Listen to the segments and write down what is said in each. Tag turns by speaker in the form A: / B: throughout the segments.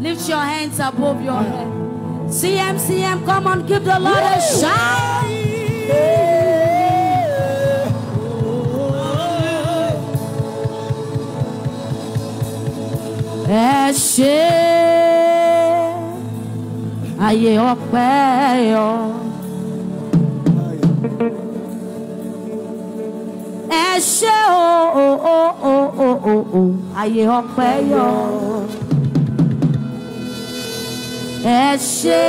A: Lift your hands above your head. C M C M, come on, give the Lord a shout. Ẹ ṣé ayé ọpẹ́ yọ. Ẹ o oh, o oh, o oh, o o o ayé ọpẹ́ yọ. ẹ ṣé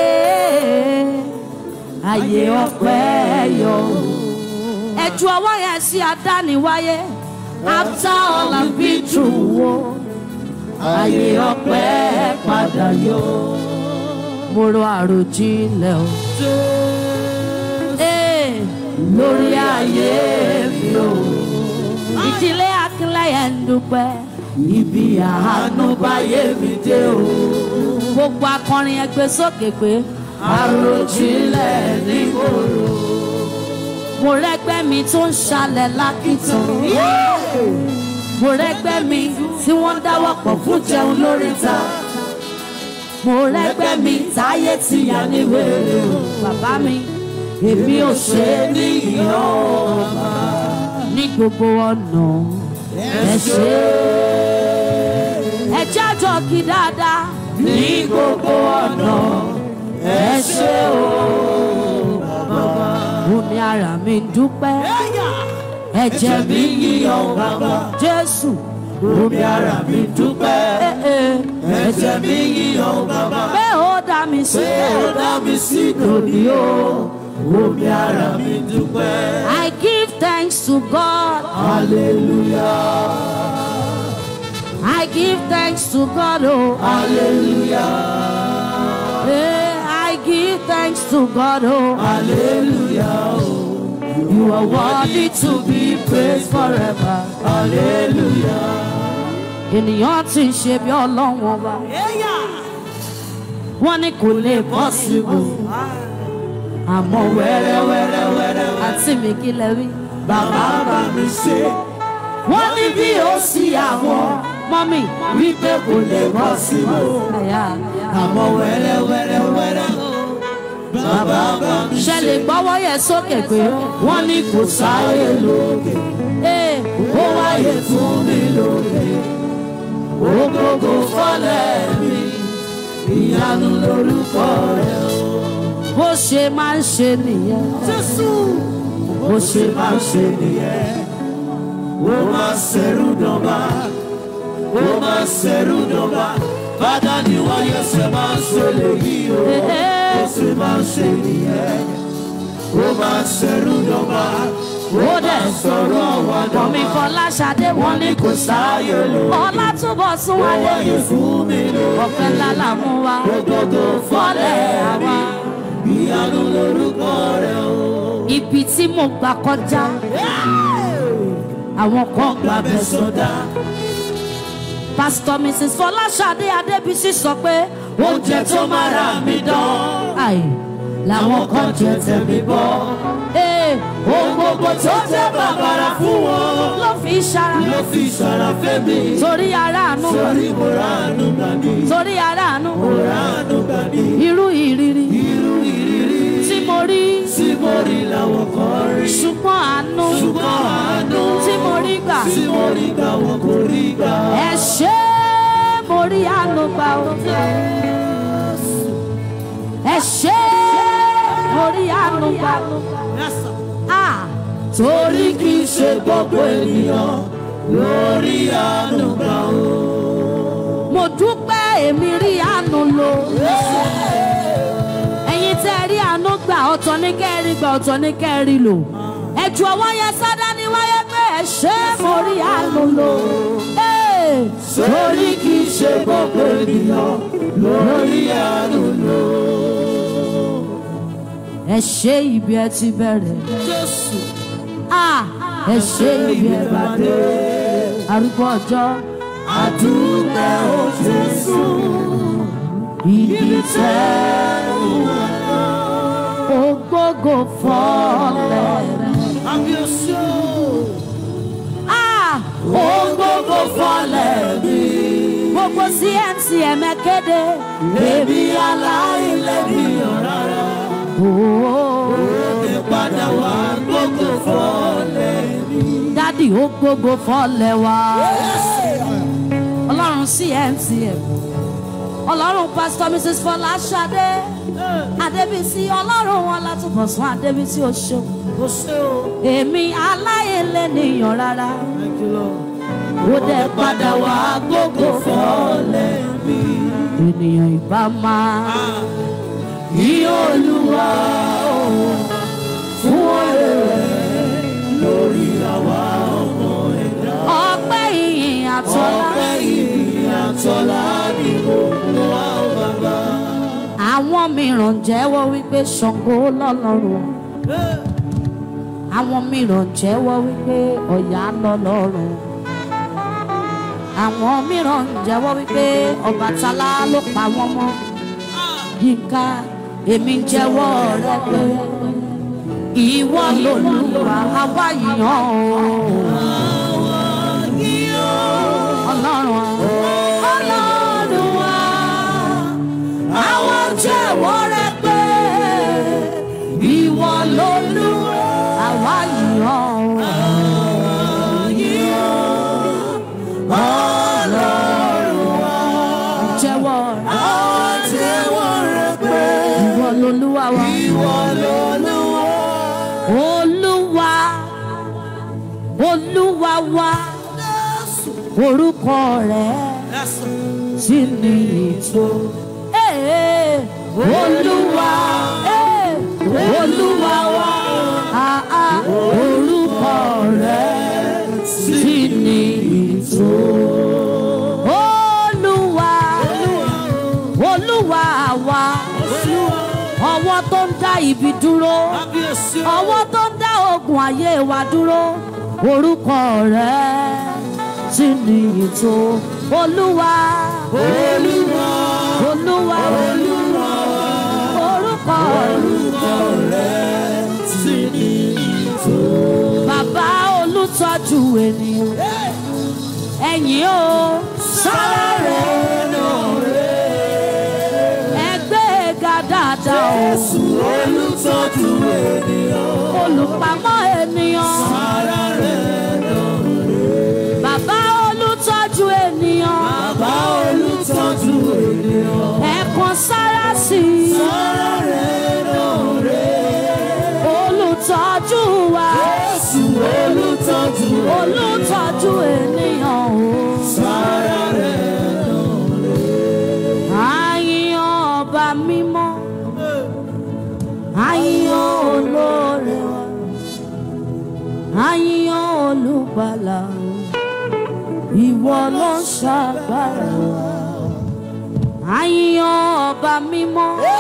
A: ayé ọpẹ́ yọ. ẹ ju ọwọ́ yẹn sí adániwáyé after all I've been through o ayé ọpẹ́ padà yọ. mo rò àròjinlẹ̀ o. Eh, lórí ayé mi o. ìdílé akínlẹ̀ yẹn ń dúpẹ́. ibi àánú báyé mi dé o gbogbo akọrin ẹgbẹ́ sókè pé. àròjinlẹ̀ ní kòrò. mo rẹ́gbẹ́ mi tó ń ṣalẹ̀ lákìtàn. mo rẹ́gbẹ́ mi tí wọ́n dáwọ́ pọ̀ fún jẹun lóríta. mo rẹ́gbẹ́ mi táyé ti yà ní wèrè bàbá mi èmi ò ṣe é ní ìyá ọba. ní gbogbo ọ̀nà ẹ ṣe é. ẹ jájọ kí dáadáa ní gbogbo ọ̀nà ẹ o bàbá. Omi ara mi dúpẹ́. Ẹ̀jẹ̀ mi yíyan bàbá. Jésù. Omi ara mi dúpẹ́. Ẹ̀jẹ̀ mi yíyan bàbá. Bẹ́ẹ̀ ó dá mi sí
B: lónìí o. Omi ara mi dúpẹ́.
A: I give thanks to God. Hallelujah. I give thanks to God, oh. Hallelujah. Hey, I give thanks to God, oh.
B: Hallelujah.
A: You, are worthy to be praised forever.
B: Hallelujah.
A: Ènìyàn ti ń ṣe long over. Yeah Wọ́n ní kò lè possible. Àmọ́ wẹ́rẹ́wẹ́rẹ́wẹ́rẹ́. Àti mi kí lẹ wí. Bàbá bá mi ṣe. Wọ́n ní bí ó sí àwọn. Mami, wípé kò lè bọ́ sí o àmọ́ wẹ́rẹ́wẹ́rẹ́ o. bàbá bá mi ṣe. ṣe lè gbọ́wọ́ yẹn sókè pé wọ́n ní kò sáyé lókè ó wáyé
B: fún mi lókè ògógó fọ́lẹ̀ mi ìyanu lórúkọ rẹ o.
A: bó ṣe máa ń ṣe nìyẹn.
B: jésù bó ṣe máa ń ṣe nìyẹn. ó máa ṣerú dánbà. Roma Serudova, Father, you are your Seman Selevio, Seman Selie, Roma Serudova. Rode sọ̀rọ̀ wọn dọ̀mà. Bọ̀mí
A: Fọláṣadé wọn ní kò sáyé lò. Ọlá túbọ̀ sún wa dé. Owó yìí fún mi lò. Ọ̀pẹ lálá mú wa. Gbogbo fọ́lẹ̀ àwa.
B: Ìyanu lorúkọ rẹ̀
A: o. Ibi tí mo gbà kọjá. Àwọn kan gbà bẹ̀ sọdá. Pastor Mrs. Fọláṣadé Adébísí sọ pé oúnjẹ tó máa ra mi dán. Àì làwọn kan jẹ tẹ̀mí bọ́. Eh, ohun gbogbo tó jẹ́ bàbàrà fún wọn. Ló fi ṣara. Ló
B: fi ṣara fẹ́mi. Torí aráàánú. Torí mo ráàánú
A: gbà mí. Torí aráàánú. Mo ráàánú gbà mí. Irú ìrírí. Irú ìrírí mo rí. tí mo rí làwọn kan rí. ṣùgbọ́n àánú. ṣùgbọ́n àánú. tí mo rí gbà. tí mo rí
B: gbà wọn kò rí gbà. ẹ
A: ṣé mo rí àánú gbà o. ẹ ṣé mo rí àánú gbà o.
B: torí kì í ṣe gbogbo ènìyàn lórí àánú gbà o.
A: mo dúpẹ́ èmi rí àánú lò. Yeah ọ̀tọ̀ ní kẹ́rin gbà ọ̀tọ̀ ní kẹ́rin lò ẹ̀jú ọwọ́ yẹn sọ́dá ní wáyé pé ẹ ṣe mo rí àlòlò. sórí
B: kì í ṣe gbogbo ènìyàn lórí àlòlò.
A: ẹ ṣe ibi ẹ ti bẹ̀rẹ̀. jésù. Ah! ẹ ṣe ibi ẹ bá dé. arúgbó ọjọ́.
B: àdúgbò ò jésù. ibi tẹ́ ò wá go ògógó
A: fọlẹ̀. Abiosu. Ah! Ògógó go mi. Gbogbo CMC ẹ̀mẹ́ kéde. Bébí aláìlẹ́bí ọ̀rọ̀
B: rẹ̀. Òde padà wá
A: gbogbo fọlẹ̀ mi. Dádì ó gbogbo fọlẹ̀ wá. Ọlọ́run CMC ẹ̀mẹ́ ọlọ́run pastor, mrs fọláṣadé adébísí ọlọ́run wọn látúbọ̀sán adébísí oṣó èmi aláìlẹ̀ nìyàn rárá ó dẹ̀ padà wá gbogbo fọ́ọ̀lẹ̀ mi ènìyàn ìbá máa yí olúwa fún ọ̀rẹ́ rẹ̀ lórí àwa ọmọ ẹ̀dá ọpẹ́ ìyìn àtọ́lá. mìíràn jẹ́wọ́ wípé Ṣàngó lọ́lọ́run àwọn mìíràn jẹ́wọ́ wípé Ọya lọ́lọ́run àwọn mìíràn jẹ́wọ́ wípé Ọbàtálá ló pa wọ́n mọ́ Yínká èmi jẹ́wọ́ rẹ pé ìwọ lòlúwa àwa yìnyàn ọlọ́run ọlọ́run wa àwa jẹ́wọ́ rẹ pé ìwọ lolúwa àwa yìí hàn. Ọlọ́run wa jẹ́wọ́ rẹ pé ìwọ lolúwa wa. Ìwọ lolúwa. Olúwa Olúwa wa orúkọ rẹ̀ sí ni ìtò
B: olúwa eh, olúwa wa
A: orúkọ rẹ sì ní ìtò. olúwa olúwa wa ọwọ́ tó ń dá ibi dúró ọwọ́ tó ń dá ogun ayé wa dúró orúkọ rẹ sì ní ìtò olúwa olúwa olúwa orúkọ rẹ̀ ti ní ìtò. Bàbá olùtọ́jú ènìyàn, ẹ̀yin o, sọ́lá rẹ̀ náà rẹ̀. Ẹgbẹ́ ga dáadáa o. Jésù olùtọ́jú ènìyàn. Olùpamọ́ ènìyàn. Sọ́lá rẹ̀ rẹ̀. Bàbá olùtọ́jú ènìyàn. Bàbá olùtọ́jú ènìyàn. Ẹ̀kan sára sí i. olùgbàlà ìwọ ló ń ṣàgbára àyàn ọba mímọ́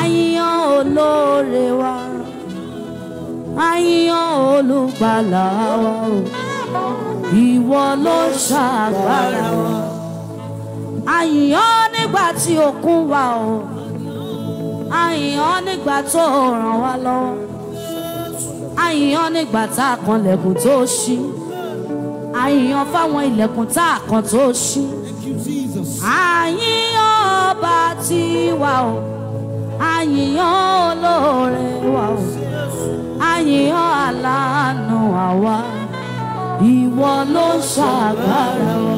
A: àyàn olóore wa àyàn olùgbàlà wa ìwọ ló ń ṣàgbára àyàn nígbà tí òkun wà o àyàn nígbà tó ràn wá lọ́wọ́ àyàn nígbà tá a kan lẹ̀kùn tó ṣí àyàn fáwọn ilẹ̀kùn tá a kan tó ṣí àyàn ọba tiwa o àyàn olóore wa o àyàn aláàánú àwa ìwọ ló ṣàgbára wa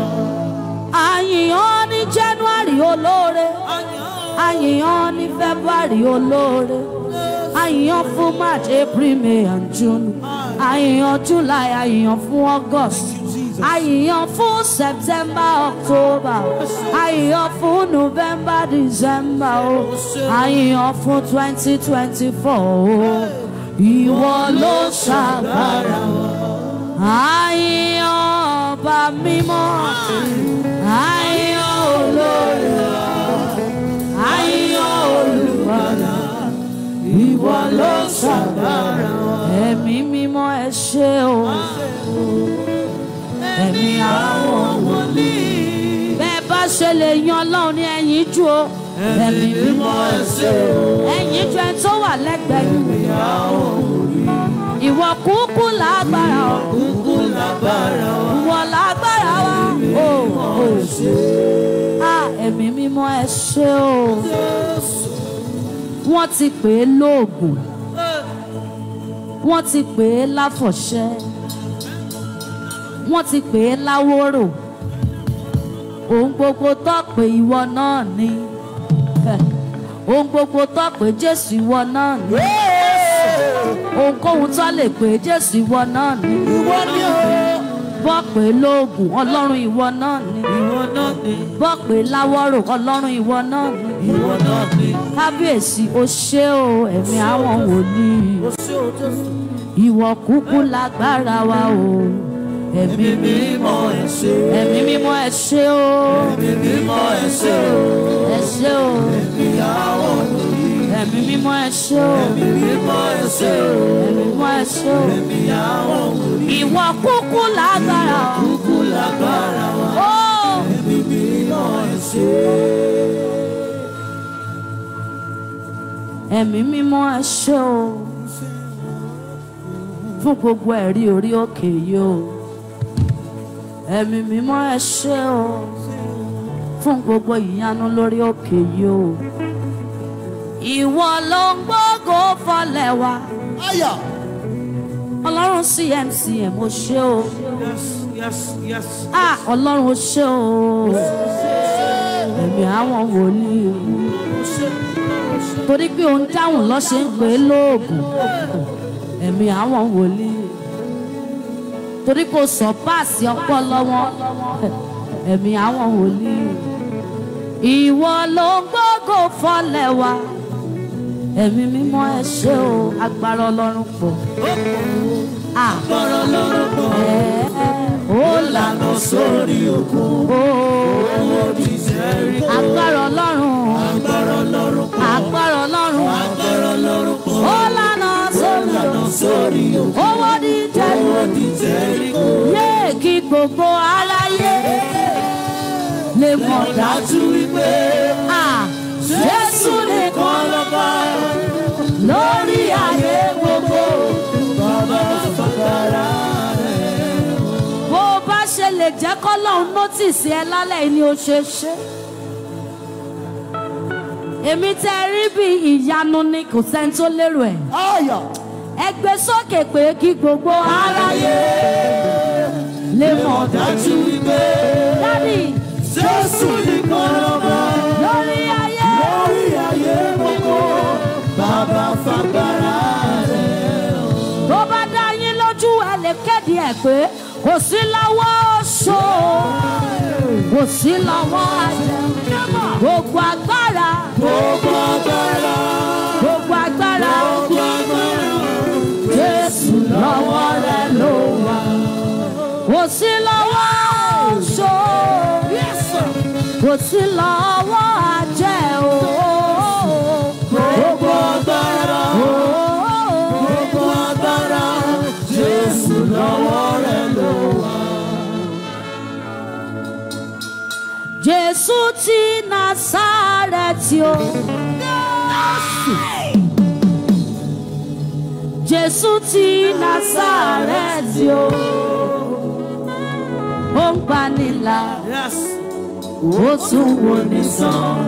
A: àyàn ní January olóore àyàn ní February olóore àyàn fún March April May and June àyàn July àyàn fún August àyàn fún September October àyàn fún November December àyàn fún twenty twenty four ìwọ ló ṣàgbára àyàn ọba mímọ́. ìwọ ló ṣàgbára. ẹ̀mí mímọ́ ẹ ṣé o ẹ̀mí mi wòlíì. bẹ́ẹ̀ bá ṣe lè yan ọlọ́run ní ẹ̀yìn jù o.
B: ẹ̀mí mímọ́ ẹ o.
A: ẹ̀yìn jù ẹ tó wà lẹ́gbẹ̀ẹ́ yìí. ẹ̀mí àwọn ìwọ kúkú lágbára
B: o. ìwọ kúkú
A: lágbára o. ìwọ lágbára wa. ẹ̀mí mímọ́ ẹ ṣé o. Ah, ẹ̀mí mímọ́ ẹ o wọ́n ti pè é lóògùn wọ́n ti pè é láfọ̀ṣẹ́ wọ́n ti pè é láwórò ohun gbogbo tó pè ìwọ náà ni ohun gbogbo tó pè Jésù ìwọ náà ni ohunkóhun tó lè pè Jésù ìwọ náà ni. ìwọ ni o bọ́ pé lóògùn ọlọ́run ìwọ náà ni bọ́ pé láwọ́rò ọlọ́run ìwọ náà ni kábíyèsí o ṣé o ẹ̀mí àwọn wòlíì ìwọ kúkú lágbára wa o ẹ̀mí mímọ́ ẹ ṣé ẹ̀mí mímọ́ o ẹ̀mí mímọ́ ẹ ṣé o ẹ̀mí àwọn wòlíì ẹ̀mí mímọ́ ẹ ṣé o ẹ̀mí mímọ́ ẹ ṣé o ẹ̀mí mímọ́ ẹ ṣé o ẹ̀mí àwọn òní ìwọ kúkú lágbára wa kúkú lágbára wa ẹ̀mí mímọ́ ẹ ṣé o ẹ̀mí mímọ́ ẹ ṣé o fún gbogbo ẹ̀rí orí òkè yìí o ẹ̀mí mímọ́ ẹ ṣé o fún gbogbo ìyanu lórí òkè yìí o ìwọ ló ń gbógo fọlẹ̀ wá. Aya. Ọlọ́run CMCM ó ṣe o.
B: Yes yes yes.
A: Ah Ọlọ́run ó ṣe o. Ẹ̀mí àwọn wòlíì. Torí pé òun dáhùn lọ́sẹ̀ ń pè é lóògùn. Ẹ̀mí àwọn wòlíì. Torí kò sọ páàsì ọpọlọ wọn. Ẹ̀mí àwọn wòlíì. Ìwọ ló ń gbógo fọlẹ̀ wá ẹ̀mí mímọ́ ẹ ṣé o agbára ọlọ́run pọ̀. agbára ọlọ́run pọ̀. ó lànà sórí òkun. owó ti sẹ́rí kó. agbára ọlọ́run. agbára ọlọ́run pọ̀. agbára ọlọ́run. agbára ọlọ́run pọ̀. ó lànà sórí òkun. owó ti sẹ́rí kó. yéè kí gbogbo aláyé lè mọ̀ dájú wípé. Jésù nìkan. jẹ́ kọ́lọ́hún nọ́tìsì ẹ lálẹ́ ni o ṣe ṣe. èmi tẹ́ rí bí ìyanu ni kò sẹ́ni tó lérò ẹ̀. ọ̀yọ̀. ẹ gbé sókè pé kí gbogbo aráyé lè mọ̀
B: dájú wípé Jésù ní
A: kọ́lọ́mọ́ lórí ayé lórí ayé gbogbo bàbá fagbára rẹ̀. bó bá dá yín lójú ẹ lè kéde ẹ pé kò sí lọ́wọ́ ṣoṣo kò sí lọ́wọ́ àjẹ́ gbogbo agbára gbogbo agbára gbogbo agbára Jésù lọ́wọ́ rẹ̀ ló wà kò sí lọ́wọ́ ṣo kò sí lọ́wọ́ àjẹ́ o. Násárẹ́tì Jesus, Jésù ti Násárẹ́tì o. Ó ń gbanilà. Ó
B: tún wo ní sàn.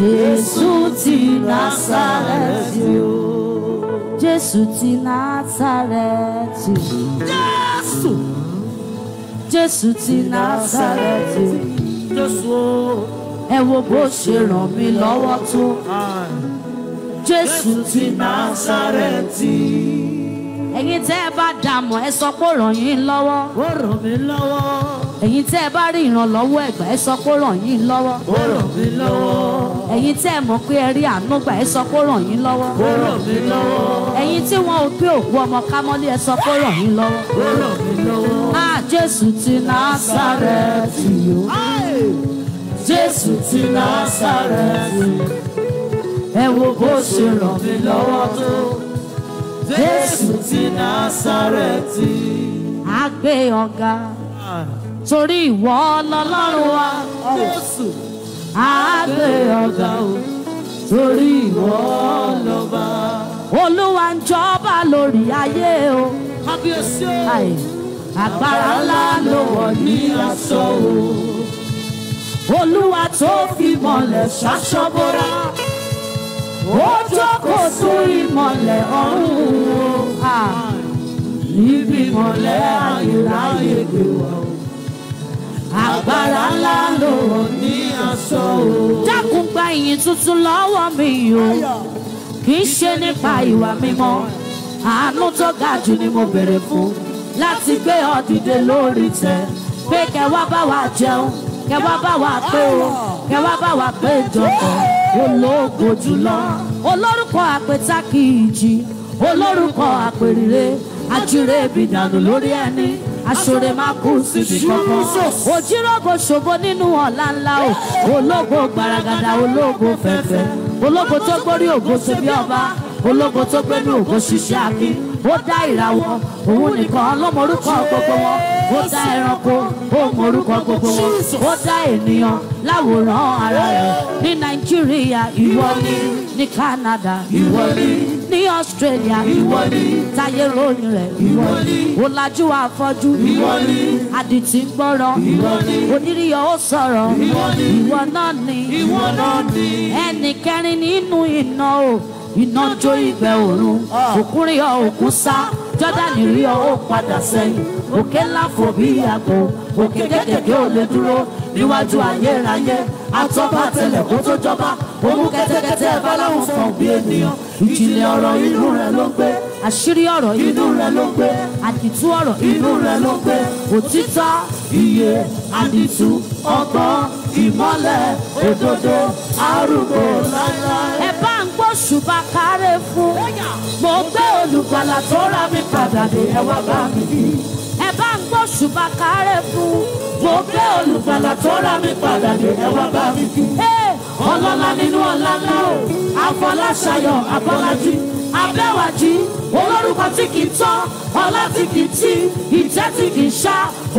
A: Jésù ti Násárẹ́tì Jesus, Jésù ti Násárẹ́tì o. Jésù. ti Násárẹ́tì jésù ẹ wo bó ṣe ràn mí lọ́wọ́ tó jésù ti násàrẹ́tì. ẹ̀yin tẹ́ ẹ bá dààmú ẹ sọ pé ó ràn yín lọ́wọ́. ó ràn mí lọ́wọ́ ẹ̀yin tẹ́ ẹ bá rí ìrànlọ́wọ́ ẹ̀gbà ẹ sọ pé ó ràn yín lọ́wọ́. ó ràn mí lọ́wọ́. ẹ̀yin tẹ́ ẹ mọ̀ pé ẹ rí àánú gbà ẹ sọ pé ó ràn yín lọ́wọ́. ó ràn mí lọ́wọ́. ẹ̀yin tí wọn ò gbé òkú ọmọ kámọ́lé ẹ sọ pé ó ràn yín lọ́wọ́. ó ràn mí lọ́wọ́. a Jésù ti Násárẹ́tì yó. Jésù ti Násárẹ́tì. ẹ wo bó ṣe ràn mí lọ́wọ́ tó. Jésù ti Násárẹ́tì. a gbé ọ̀gá torí ìwọ lọ́lọ́run wa Jésù àgbè ọ̀gá o torí ìwọ lọ́ba. Olúwa ń jọba lórí ayé o. Kábíyèsí o. Agbára ńlá ló wọ̀ ní aṣọ o. Olúwa tó fi mọ̀lẹ̀ ṣaṣọ bóra.
B: Ó jókòó sórí
A: mọ̀lẹ̀ ọ̀run o. Ah. Ibi ìmọ̀lẹ́ ayé láyé gbé wá o. Agbára ńlá ló ní aṣọ o. Dákun gba ìyìn tuntun lọ́wọ́ mi o. Kì í ṣe nípa ìwà mímọ́. Àánú tó ga jù ni mo bèrè fún. Láti gbé ọ dìde lórí tẹ. Pé kẹ wá bá wa jẹun. Kẹ wá bá wa tó. Kẹ wá bá wa pé jọkọ̀. Ológo jùlọ. Olórúkọ àpètà kìí jí. Olórúkọ àpèrè àjùrè ibi lori lórí ẹni aṣọre máa kú síbi kankan òjírògbò ṣògo nínú ọ̀la ńlá o ológo gbaragada ológo fẹ̀fẹ̀ ológo tó gbórí ògo ṣe bí ọba ológo tó gbénú ògo ṣiṣẹ́ akin ó dá ìràwọ̀ òun nìkan ló mọ orúkọ gbogbo wọn ó dá ẹranko ó mọ orúkọ gbogbo wọn ó dá ènìyàn láwòrán ara rẹ̀ ní nàìjíríà ìwọ ni ní canada ìwọ ni ní australia ìwọ ni táyé ròyìn rẹ̀ ìwọ ni ọ̀làjú afọ́jú ìwọ ni àdìtì ń gbọ́rọ̀ ìwọ ni onírìyọ ó sọ̀rọ̀ ìwọ náà ni ẹnì kẹrin nínú iná o iná jó ìgbẹ́ òrun òkúnrin ọ òkun sá jọ́dánì rí ọ ó padà sẹ́yìn òkè ńlá fò bí àgbò òkè kékèké ò lè dúró níwájú ayérayé atọ́ba tẹlẹ̀ kó tó jọba òun kẹ́tẹ́kẹ́tẹ́ ẹ bá bí ènìyàn ìjìnlẹ̀ ọ̀rọ̀ inú rẹ̀ ló gbé àṣírí ọ̀rọ̀ inú rẹ̀ ló gbé àdìtú ọ̀rọ̀
B: inú rẹ̀ ló gbé òtítọ́ iye àdìtú ọgbọ́n ìmọ́lẹ̀ òdodo arúgbó
A: láíláí. ẹ bá ń gbóṣùbà kárẹ̀ fún mo gbé olùgbàlà tó rà mí padà dé ẹ bá mi bí jésù bá kárẹ̀ fún.
B: mo gbé olùgbàlà tó rà mí padà dé
A: ẹwà bá mi kí. ọlọ́lá nínú ọlá o àfọláṣayọ̀ àbọ́lájí abẹ́wàjí olórúkọ tí kì í tán ọlá tí kì í tí ìjẹ́ tí kì í ṣá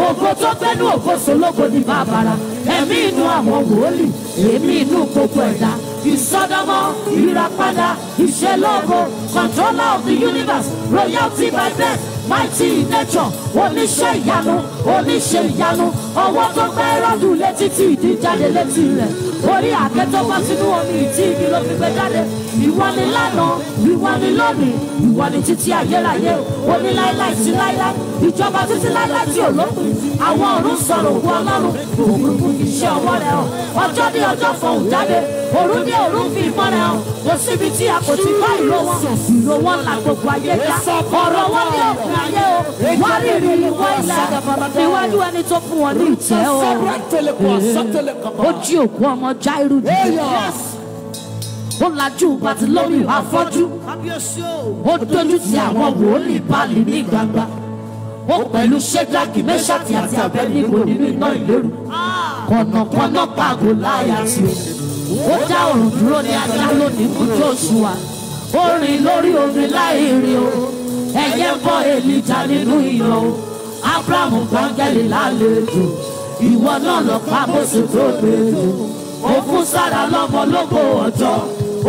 A: ògo tó gbẹ́nu ògo sólógo ní bàbàrà ẹ̀mí inú àwọn wòlíì ẹ̀mí inú gbogbo ẹ̀dá ìsọdọmọ ìràpadà ìṣelógo controller of the universe royalty by birth mighty nature oníṣẹ́ ìyanu oníṣẹ́ ìyanu ọwọ́ tó gbẹ́ rọ́dù létí tí ìdí jáde létí rẹ̀ orí àgé tó bá sínú omi ìtí igi ló fi gbé jáde ìwọ ni lánàá ìwọ ni lónìí ìwọ ni títí ayérayé oní láíláí sí láíláí ìjọba títí láíláí tí ò lópin àwọn ọ̀run sọ̀rọ̀ òkú ọlọ́run òkú fún iṣẹ́ ọwọ́ rẹ̀ hàn ọjọ́ ní ọjọ́ fọ̀hún jáde òru ní òru fi ìmọ̀ rẹ̀ hàn kò síbi tí a kò ti bá ìró wọn ìró wọn là gbogbo ayé ká ọ̀rọ̀ wọn ní òkú ayé ẹni tó fún wọn ní ìtẹ́ o ojú òkú ọmọ Jáírù dìde ó lajú bàtìlómi afọ́jú ó dojú ti àwọn wòlíì Báálì ní gbangba ó pẹ̀lú ṣẹ́dáàkì mẹ́ṣáàtì àti Àbẹ́nígò nínú iná ìléru ah. kọ̀nàkọ́nà pàgò láyàtì ó dá òrùn dúró ní ajá lónìí kú tó sùn wa ó rìn lórí omi láì rìn o bọ́ èlìjà nínú iyọ̀ o abrahamu gbọ́ngẹ́lì lálejò ìwọ náà lọ pa bóṣù tó gbèrò ó fún sára lọ́mọ lógo ọjọ́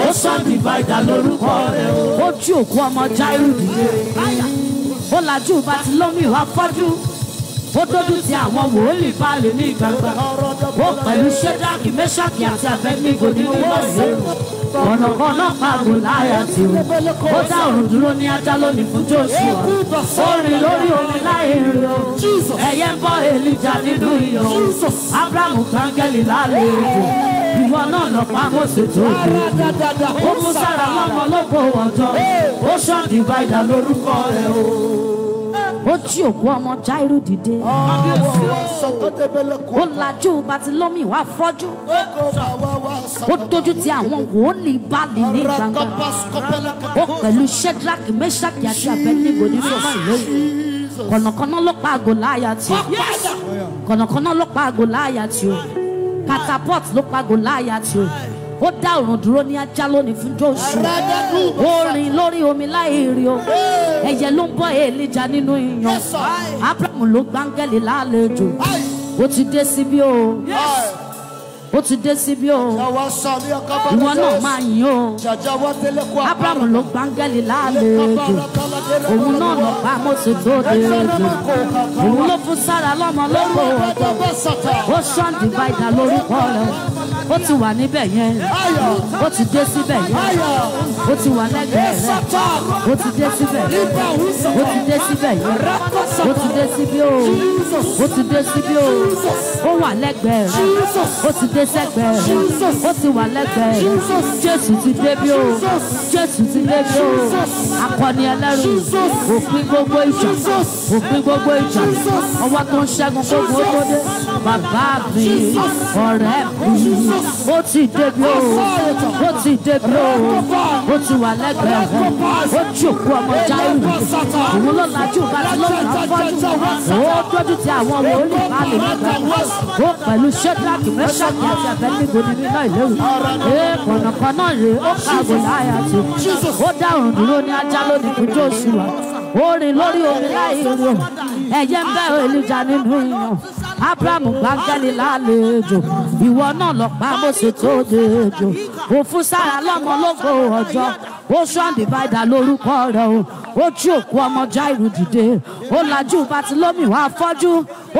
A: ó sọ dìbàdà lórúkọ rẹ o. ó jí òkú ọmọ jáírù dìde ó lajú bá ti lómi ìwà fọ́jú ó dójú ti àwọn wòlíì báàlì ní gbangba ó pẹ̀lú ṣẹ́dáàkì mẹ́ṣáàkì àti àfẹ́mígò nínú ìwọ̀sí ọ̀nà kan náà pàgò láyà tí o ó dá òrùn dúró ní ajá lónìí fún Jóṣúà ó rìn lórí omi láì rìn o ẹ̀yẹ ń bọ́ Èlíjà nínú iyọ̀ Ábúráhámù kángẹ́lì lálẹ́ èdè ìwọ náà lọ pa Mósè tó ó mú sára lọ́mọ lọ́gbọ̀ọ́ ọjọ́ ó ṣọ́ọ̀dì báyìí lórúkọ rẹ̀ o ó jí òkú ọmọ Jáírù dìde. ó lajú Bátílómì wá fọ́jú. ó dojú ti àwọn wòlíì Báálì ní gbangba. ó pẹ̀lú Ṣẹ́dírákì Méṣákì àti Abẹ́nígò nínú ọ̀sìn lóyún kọ̀nàkọ́nà ló pa Gòláyátì o kọ̀nàkọ́nà ló pa Gòláyátì o catapult ló pa Gòláyátì o ó dá òrùn dúró ní ajá lónìí fún Jóṣù ó rìn lórí omi láì rí o ẹyẹ ló ń bọ́ Èlíjà nínú ìyàn Ábúráhámù ló gbáǹgẹ́lì lálejò ó ti dé síbí o. Yes ó ti dé síbí o ìwọ náà máa yìn o abrahamu ló gbáǹgẹ́lì lálejò òun náà lọ bá mọ́tò tó dé ojò òun ló fún sára lọ́mọ lọ́kọ̀ ọ̀dọ̀ ocean divider lórúkọ rẹ̀ ó ti wà níbẹ̀ yẹn ó ti dé síbẹ̀ yẹn ó ti wà lẹ́gbẹ̀ẹ́ rẹ̀ ó ti dé síbẹ̀ yẹn ó ti dé síbẹ̀ yẹn ó ti dé síbí o ó ti dé síbí o ó wà lẹ́gbẹ̀ẹ́ rẹ̀ ó ti dé sẹ́gbẹ̀ rẹ̀ ó ti wà lẹ́gbẹ̀ẹ́ rẹ̀ Jésù ti débí o Jésù ti débí o akọni ẹlẹ́rù òpin gbogbo ìjà òpin gbogbo ìjà ọwọ́ tó ń ṣẹ́gun gbogbo ó tó dé bàbá mi ọ̀rẹ́ mi ó ti débí o ó ti débí o ó ti wà lẹ́gbẹ̀ẹ́ rẹ̀ ó jòkó ọmọ jáìrì òun ló lajú bá ti lọ́nà fọ́jú ó dójú ti àwọn wòlíì bá lè nígbà ó pẹ̀lú ṣẹ́dáàkì mẹ́ṣàkì kọ̀nàkọ̀nà rèé ó kàgò láyà tó ó dá òrùn dúró ní ajá lónìí fún jóòsù wa orin lórí omi láì rò ẹ̀jẹ̀ ń bẹ́ olùjà nínú ìyàn abrahamu gbàgẹ́lì lálejò ìwọ náà lọ pa bó ṣe tó dejò òfúsára lọ́mọ lógo ọjọ́ oṣù àǹdìbáìdà lórúkọ rẹ o ó jí òkú ọmọ Jáírù dìde ó lajú Bátílómì wá fọ́jú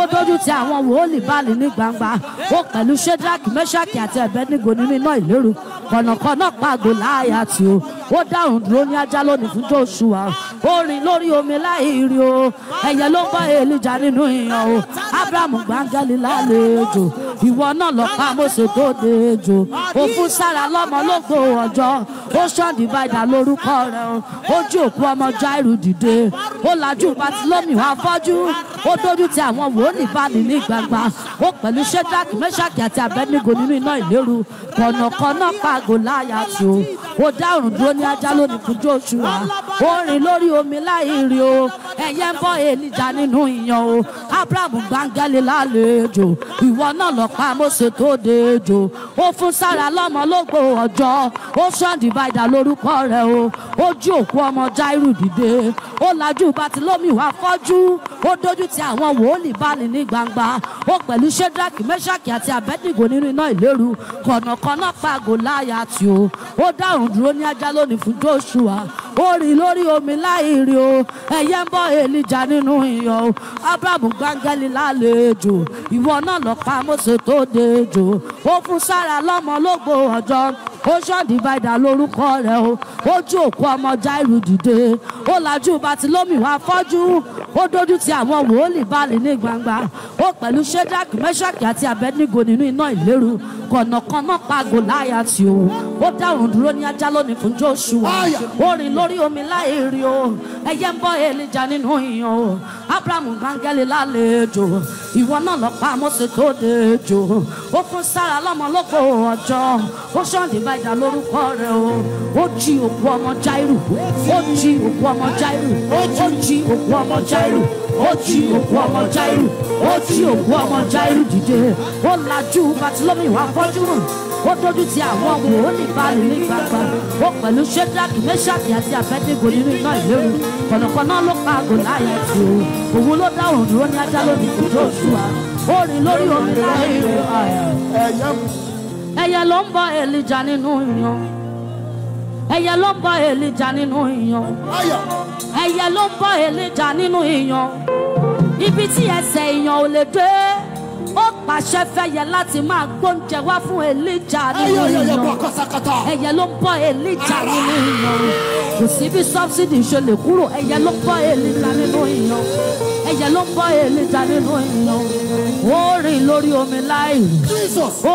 A: ó dójú ti àwọn wòólì báàlì ní gbangba ó pẹ̀lú Ṣẹ́dírákì Méṣákì àti Ẹ̀bẹ́dígò nínú iná ìléru kọ̀nàkọ̀nà pàgò láàyà tí o ó dáhùn dúró ní ajá lónìí fún Jóṣùà ó rìn lórí omi láìrí o ẹyẹ ló ń bọ́ Èlíjà nínú ìyàn o Ábúráhámù gbàǹgẹ́lì lálejò ìwọ náà lọ pa Mósè tó dejò òfun sára lọ́mọ lógo ọjọ́ ó ṣọ́ọ̀dì báyìí padà lórúkọ rẹ̀ o ojú òkú ọmọ Jáírù dìde ó lajú Bátílómì wá fọ́jú ó dójú ti àwọn wòónì báni ní gbangba ó pẹ̀lú Ṣẹ́dáàkì Méṣákì àti Abẹ́nígò nínú iná ìléru kọ̀nàkọ́nà pa Gòláyátì o ó dá òrùn dúró ní ajá lónìí fún Jóṣúà ó rìn lórí omi láì rí o ẹ̀yẹ ń bọ́ Èlíjà nínú ìyàn o Ábúráhámù gbáǹgẹ́lì lálejò ìwọ náà lọ pa Mósè tó dejò ó fún Sárà lọ́mọ lógbò ọjọ́ ó ṣọ́ọ̀dì bàdà lórúkọ rẹ̀ o ojú òkú ọmọ Jáírù dìde ó lajú Bátílómì wá fọ́jú ó dojú ti àwọn wòólì báàlì ní gbangba ó pẹ̀lú Ṣẹ́dírákì Méṣákì àti Àbẹ́dìgò nínú iná ìléru kọ̀nàkọ́nà pa Gòláyátì o ó dáhùn dúró ní ajá lónìí fún Jóṣùà ó rìn lórí omi láìrí o ẹyẹ ń bọ́ Èlíjà nínú ìyàn o Ábúráhámù gbángẹ́lì lálejò ìwọ náà lọ pa Mósè tó dejò ó fún Sárà lọ́mọ lógbó ọjọ́ ocean divider lórúkọ rẹ o ojú òkú ọmọ Jáírù dìde ó lajú Bátílómì wá fọ́jú ó dójú ti àwọn wòólì Báálì ní gbangba ó pẹ̀lú Ṣẹ́dáàkì Méṣákì àti Abẹ́dínígò nínú iná ìléru kọ̀nàkọ́nà pa Gòláyátì o ó dáhùn dúró ní Àjàlónì fún Jóṣúà ó rìn lórí omi láì rí o ẹyẹ ń bọ́ Èlíjà nínú ìyàn o Ábúráhámù gbángẹ́lì lálejò ìwọ náà lọ pa Mósè tó dejò ó fún Sárà lọ́mọ lóko ọjọ́ ó ṣàn dìbà ẹ̀dá lórúkọ rẹ̀ o ó jí òkú ọmọ Jáírù ó jí òkú ọmọ Jáírù ó jí òkú ọmọ Jáírù ó jí òkú ọmọ Jáírù ó jí òkú ọmọ Jáírù dìde ó lajú Bàtílómì wá fọ́jú rùn ó dójú ti àwọn wòlíì balẹ̀ ní gbangba ó pẹ̀lú ṣẹ́dáàkì mẹ́ṣáàkì àti àbẹ́dẹ́gò nínú iná ìléru kọ̀nàkọ̀nà ló pa Gòláyátì o òun ló dá dúró ní ajá lónìí kò òṣùwà ó rìn lórí omi láì lè ẹyẹ ló ń bọ èlìjà nínú ìyan ẹyẹ ló ń bọ èlìjà nínú ìyan ẹyẹ ló ń bọ èlìjà nínú ìyan ibi tí ẹsẹ̀ ìyan ò lè dé ó pàṣẹ fẹyẹ láti máa gbóúnjẹ wá fún èlíjà nínú ìyàn ẹyẹ ló ń bọ́ èlíjà nínú ìyàn kò sí bí sọ́bsidì ṣe lè kúrò ẹyẹ ló ń bọ́ èlíjà nínú ìyàn ẹyẹ ló ń bọ́ èlíjà nínú ìyàn ó rìn lórí omi láì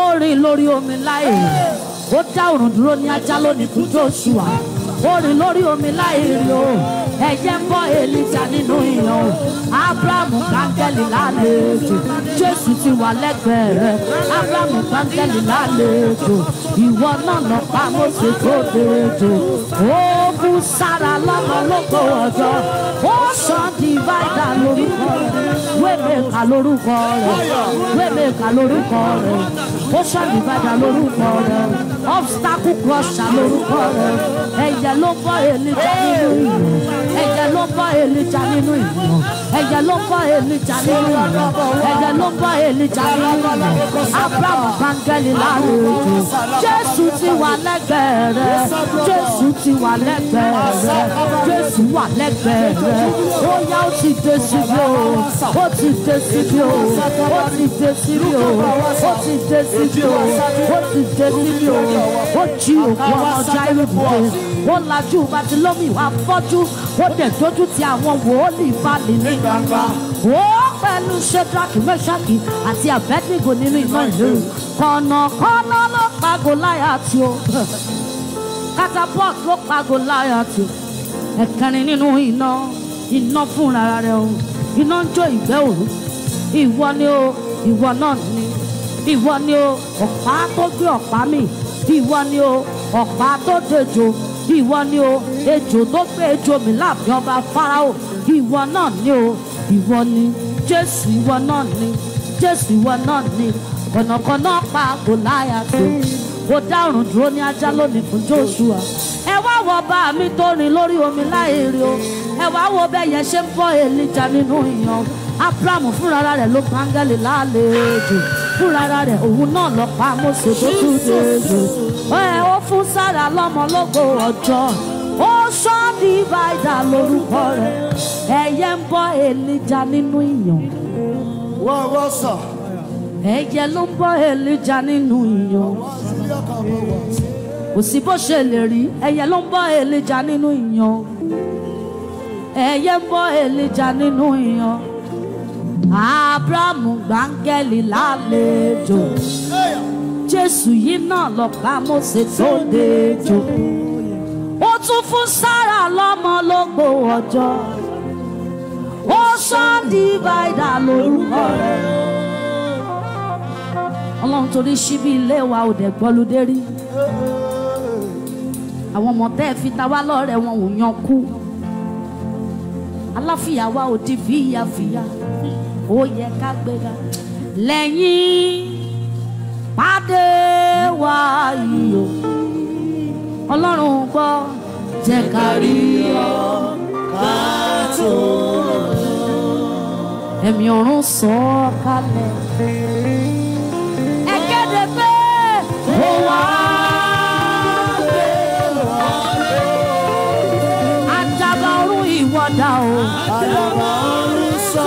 A: ó rìn lórí omi láì ó dá òrùn dúró ní ajá lónìí kú tó ó rìn lórí omi láì rí o ẹ jẹ́ ń bọ́ Èlíjà nínú ìyàn o Ábúráhámù káńgẹ́lì lálejò Jésù ti wà lẹ́gbẹ̀ẹ́ rẹ̀ Ábúráhámù káńgẹ́lì lálejò ìwọ náà nà pa Mósè tó dèrèjò ó bú sára lọ́mọ lóko ọjọ́ ó sọ rìváìdà lórúkọ rẹ̀ wémèkà lórúkọ rẹ̀ wémèkà lórúkọ rẹ̀ ocean rìváìdà lórúkọ rẹ̀ obstacle crusher lórúkọ rẹ̀ ẹ̀jẹ̀ ló bọ́ èlìjà nínú ìlú ẹ̀jẹ̀ ló bá Èlíjà nínú ìwọ̀n ẹ̀jẹ̀ ló bá Èlíjà nínú ìwọ̀n ẹ̀jẹ̀ ló bá Èlíjà nínú ìwọ̀n Ábúráhámù báńgẹ́lì láàrin òjò Jésù ti wà lẹ́gbẹ̀ẹ́ rẹ̀ Jésù ti wà lẹ́gbẹ̀ẹ́ rẹ̀ Jésù wà lẹ́gbẹ̀ẹ́ rẹ̀ ó yá ó ti dé síbí o ó ti dé síbí o ó ti dé síbí o ó ti dé síbí o ó ti dé síbí o ó jí òkú ọmọ Jáírù bùkún ó lajú bàtí lómi wà fọ́jú ó dẹ̀ tó lójú ti àwọn wòólì falẹ̀ ní gbangba. ó pẹ̀lú ṣẹ́dúrákì mẹ́ṣákì àti àbẹ́dígò nínú iná ìléru. kọ̀nàkọ́nà ló pa Gòláyátì o. catapult ló pa Gòláyátì o. ẹ̀kẹrin nínú iná iná fúnra rẹ̀ o. iná ń jó ìgbẹ́ òru. ìwọ ni o ìwọ náà ni ìwọ ni o ọ̀pá tó gbé ọ̀pá mi ìwọ ni o ọ̀pá tó dejò ìwọ ni o ejò tó gbé ejò mi láàfin ọba Fáráò ìwọ náà ni o ìwọ ni Jésù ìwọ náà ni Jésù ìwọ náà ni kọ̀nàkọ̀nà pa Gòláyátì ó dárùn dúró ní ajá lónìí fún Joshua. ẹ wá wo bá mi tó rìn lórí omi láìrí o ẹ wá wo bẹ́ẹ̀ yẹn ṣe ń bọ́ Èlíjà nínú ìyàn Ábúráhámù fúnra rẹ̀ ló pàǹgẹ́lì lálejò fúnra rẹ̀ òun náà lọ pa mọ́sọ̀ tó tún dé èzò ẹ ó fún sára lọ́mọ ọjọ́ ó sọ dívaidà lórúkọ rẹ̀ ẹyẹ ń bọ́ èlìjà nínú ìyàn. wọ́n wọ́n sọ. ẹyẹ ló ń bọ́ èlìjà nínú ìyàn. kò sí bó ṣe lè rí ẹyẹ ló ń bọ́ èlìjà nínú ìyàn. ẹyẹ ń bọ́ èlìjà nínú ìyàn abrahamu gbáǹgẹ́lì lalejo, jésù yìí náà lọ́ba mósè tó dejò ó tún fún sára lọ́mọ lógbò ọjọ́ ó sàn dìvaidà lórúkọ rẹ̀ ọlọ́run torí síbi ilé wa ò dẹ̀ gbọ́lúdé rí àwọn ọmọ tẹ́ fi ta wá lọ́rẹ̀ wọn ò yan kú aláfíà wa ò di fìyàfìyà ó yẹ ká gbéra lẹ́yìn pàdé wa yìí o ọlọ́run gbọ́ jẹ́ ká rí ọ ká tó ẹ̀mí ọ̀run sọ kalẹ̀ ẹ kéde pé ó wà á. Adaba ọrùn ìwọ́dà o. Adaba ọrùn sọ.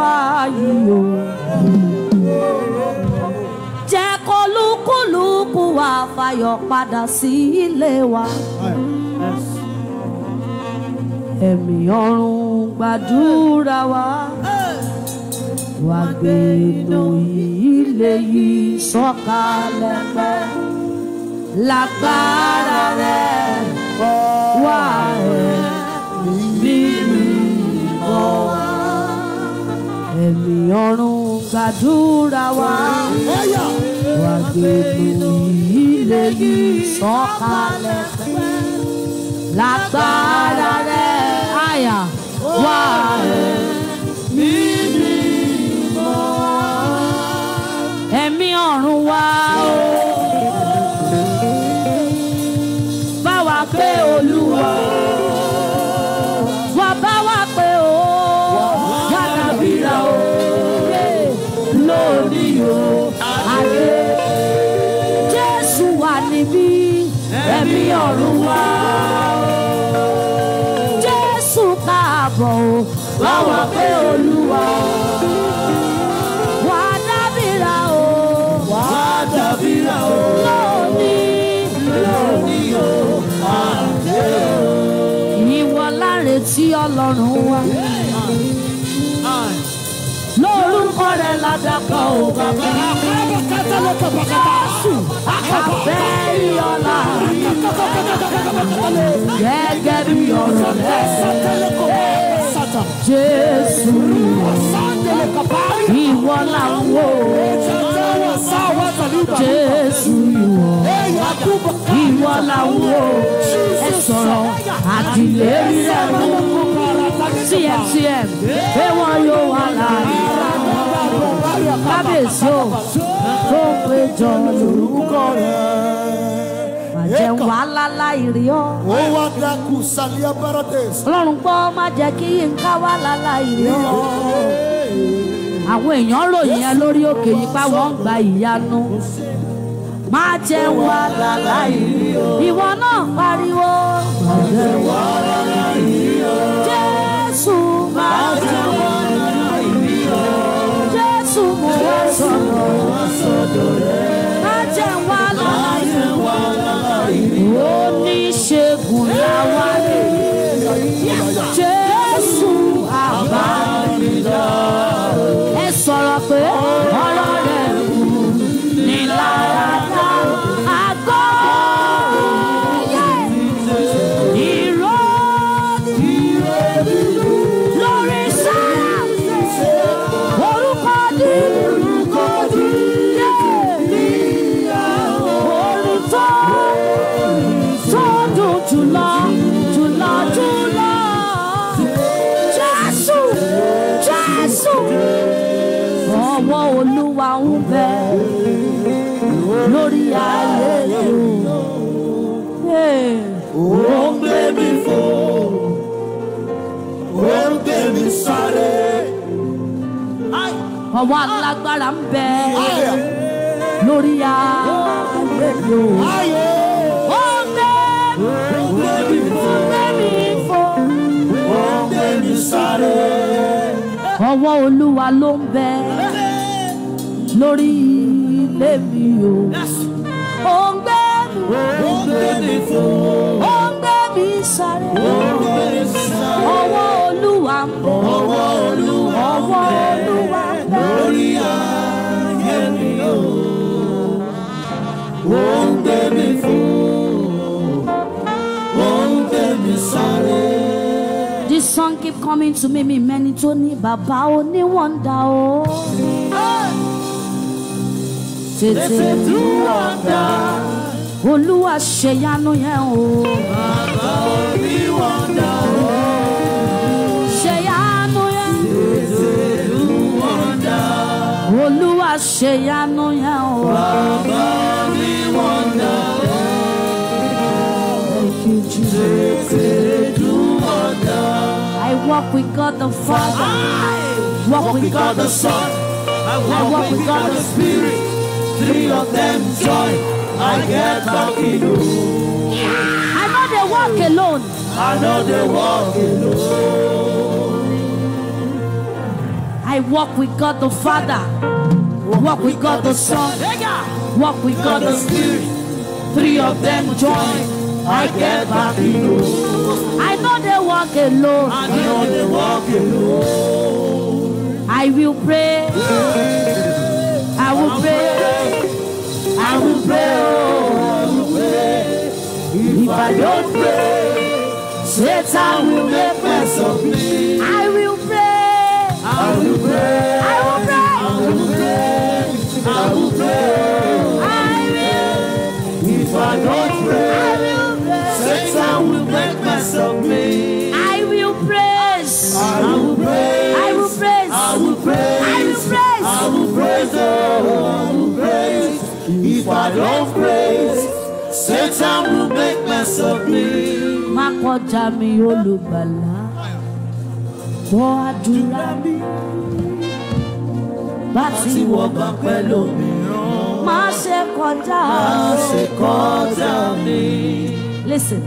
A: wá yìí o. jẹ́ kọlùkùlùkù wá fàyọ̀ padà sí ilé wa. ẹ̀mí ọ̀run gbàdúrà wa. wá gbé inú ilé yìí sọ̀kalẹ̀ pẹ́. lágbára rẹ̀ wá ẹ̀ nínú ìbọn ẹ̀mí ọ̀run gbàdúrà wa wà gbẹ̀dù ilé yìí sọ̀kalẹ̀ pẹ́ lágbára rẹ̀ àyà wà
B: ẹ̀mí mímọ́
A: ẹ̀mí ọ̀run wá o.
B: pé olúwa.
A: wà á o. wà á dábìrà o. o. àdé o. ìwọ láre tí ọlọ́run wá. lórúkọ rẹ̀ ládàkọ̀ o bàbá. Jésù abẹ́ ìyọ̀lá gẹ́gẹ́ bí ọ̀rọ̀ rẹ̀ àràtà. Jésù ìwọ là ń wò. Jésù ìwọ ìwọ là ń wò. Ẹ sọ̀rọ̀ àdìlé rírẹ̀ mú. CFCM pé wọ́n yóò wà láàyè. Kábíyèsí ò tó péjọ lórúkọ rẹ̀ jẹ́ wà láláì rí ọ. ó wá dákú sàlíà bárọ̀dẹ̀s. ọlọ́run gbọ́ má jẹ́ kí nǹkan wà láláì rí ọ. àwọn èèyàn ròyìn ẹ lórí òkè yìí pa wọ́n ń gba ìyanu. má jẹ́ wà láláì rí ọ. ìwọ náà pariwo. má jẹ́ wà láláì rí ọ. jésù má jẹ́ wà láláì rí ọ. jésù mo wá sọ̀rọ̀ wá sọ̀dọ̀ má jẹ́ wà. I want ọwọ́ alágbára ń bẹ lórí ayé mi o. ó gbé mi fún mi fún
B: ó gbé mi sáré.
A: ọwọ́ olúwa ló ń bẹ lórí ilé mi o. ó gbé mi fún ó mi sáré. ọwọ́ olúwa ń bọ̀. This song keep coming to me me many Tony Baba only wonder mi mẹ́ni tó ní bàbá oníwọ̀nda o. Tètè dúwọ̀nda. Olúwa ṣèyanu yẹn o. Bàbá oníwọ̀nda o. Olúwa ṣèyanu yẹn o. Bàbá I walk with God the Father. I walk with God the Son. I walk with God the
B: Spirit. Three of them join. I get back
A: in I know they walk alone. I know they walk
B: alone.
A: I walk with God the Father. Walk with God the Son, walk with God the Spirit. Three of them join. I get back I know they walk alone. I know they walk alone. I will pray. I will pray. I will pray.
B: If I don't pray,
A: Satan will make
B: mess of me. I will pray. I will pray. I will if I don't praise, Satan will make mess of me.
A: Má kọjá mi olùgbàlà, gbọ́ àdúrà mi. Bá ti wọ̀gàn pẹ̀lú òmíràn, má ṣe kọjá mi. Má ṣe kọjá mi. Listen,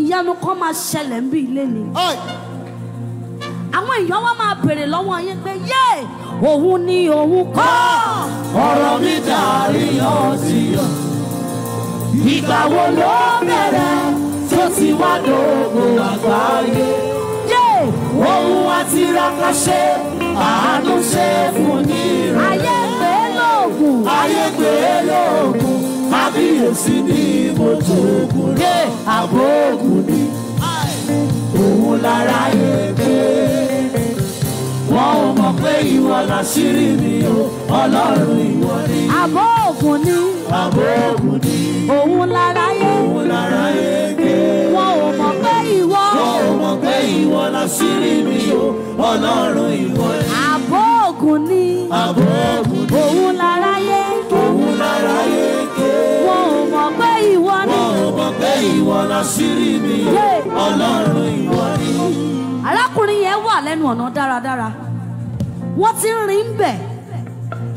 A: ìyanu kan máa ṣẹlẹ̀ ń bí ilé ni. Hey! àwọn èèyàn wá máa béèrè lọ́wọ́ yín pé yé òun ni òun kọ́. ọ̀rọ̀ mi dàrí ọtí yọ ìgbà wo ló bẹ̀rẹ̀ tó ti wá dògbò àgbáyé. yé òun wá tiraka ṣe àánú ṣe fún ní rẹ. ayé gbé lóògùn. ayé gbé lóògùn kábíyèsí
B: ni mo jòògùn. yé àbóògùn ni òun lára yé wọn ò mọ̀ pé ìwọ láṣírí mi o ọlọ́run ìwọ
A: ni. àbó ògùn ni. àbó ògùn ni. òun láráyé. òun láráyé ké. wọn ò mọ̀ pé ìwọ. wọn ò mọ̀ pé ìwọ láṣírí mi o ọlọ́run ìwọ ni. àbó ògùn ni. àbó ògùn ni. òun láráyé. òun láráyé ké. wọn ò mọ̀ pé ìwọ ni. wọn ò mọ̀ pé ìwọ láṣírí mi o ọlọ́run ìwọ ni. arákùnrin yẹn wà lẹ́nu ọ̀nà dáradára wọ́n ti ń rìn bẹ̀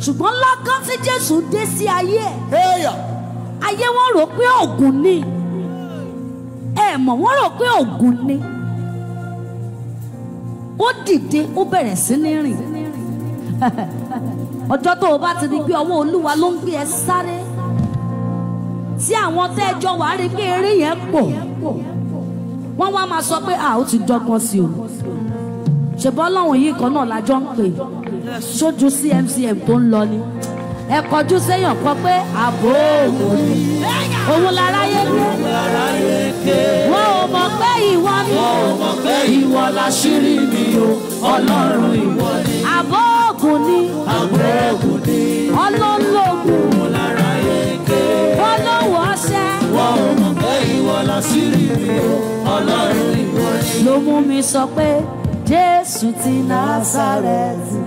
A: ṣùgbọ́n lákàn tí Jésù dé sí ayé ẹ̀ ayé wọn rò pé ògùn ni ẹ mọ̀ wọ́n rò pé ògùn ni ó dìde ó bẹ̀rẹ̀ sí ní rìn ọjọ́ tó o bá ti rí pé ọwọ́ Olúwa ló ń gbé ẹ sáré tí àwọn tẹ́jọ́ wàá rí pé eré yẹn pọ̀ wọ́n wá máa sọ pé a ó ti dọ́gbọ́n sí o ṣèbọ́ lọ́hùn yìí kan náà lájọ́ ń pè sójú CMCM tó ń lọ ni ẹ kọjú séèyàn kan pé àbò òun ni òun láráyé ké wọn ò mọ̀ pé ìwọ ni wọn ò mọ̀ pé ìwọ láṣírí mi o ọlọ́run ìwọ ni àbò ògùn ni àbò ògùn ni ọlọ́lọ́gùn òun láráyé ké wọn lọ́wọ́ ọṣẹ
B: wọn ò mọ̀ pé ìwọ láṣírí mi o ọlọ́run ìwọ
A: ni ló mú mi sọ pé. Jésù ti Násárẹ́tì.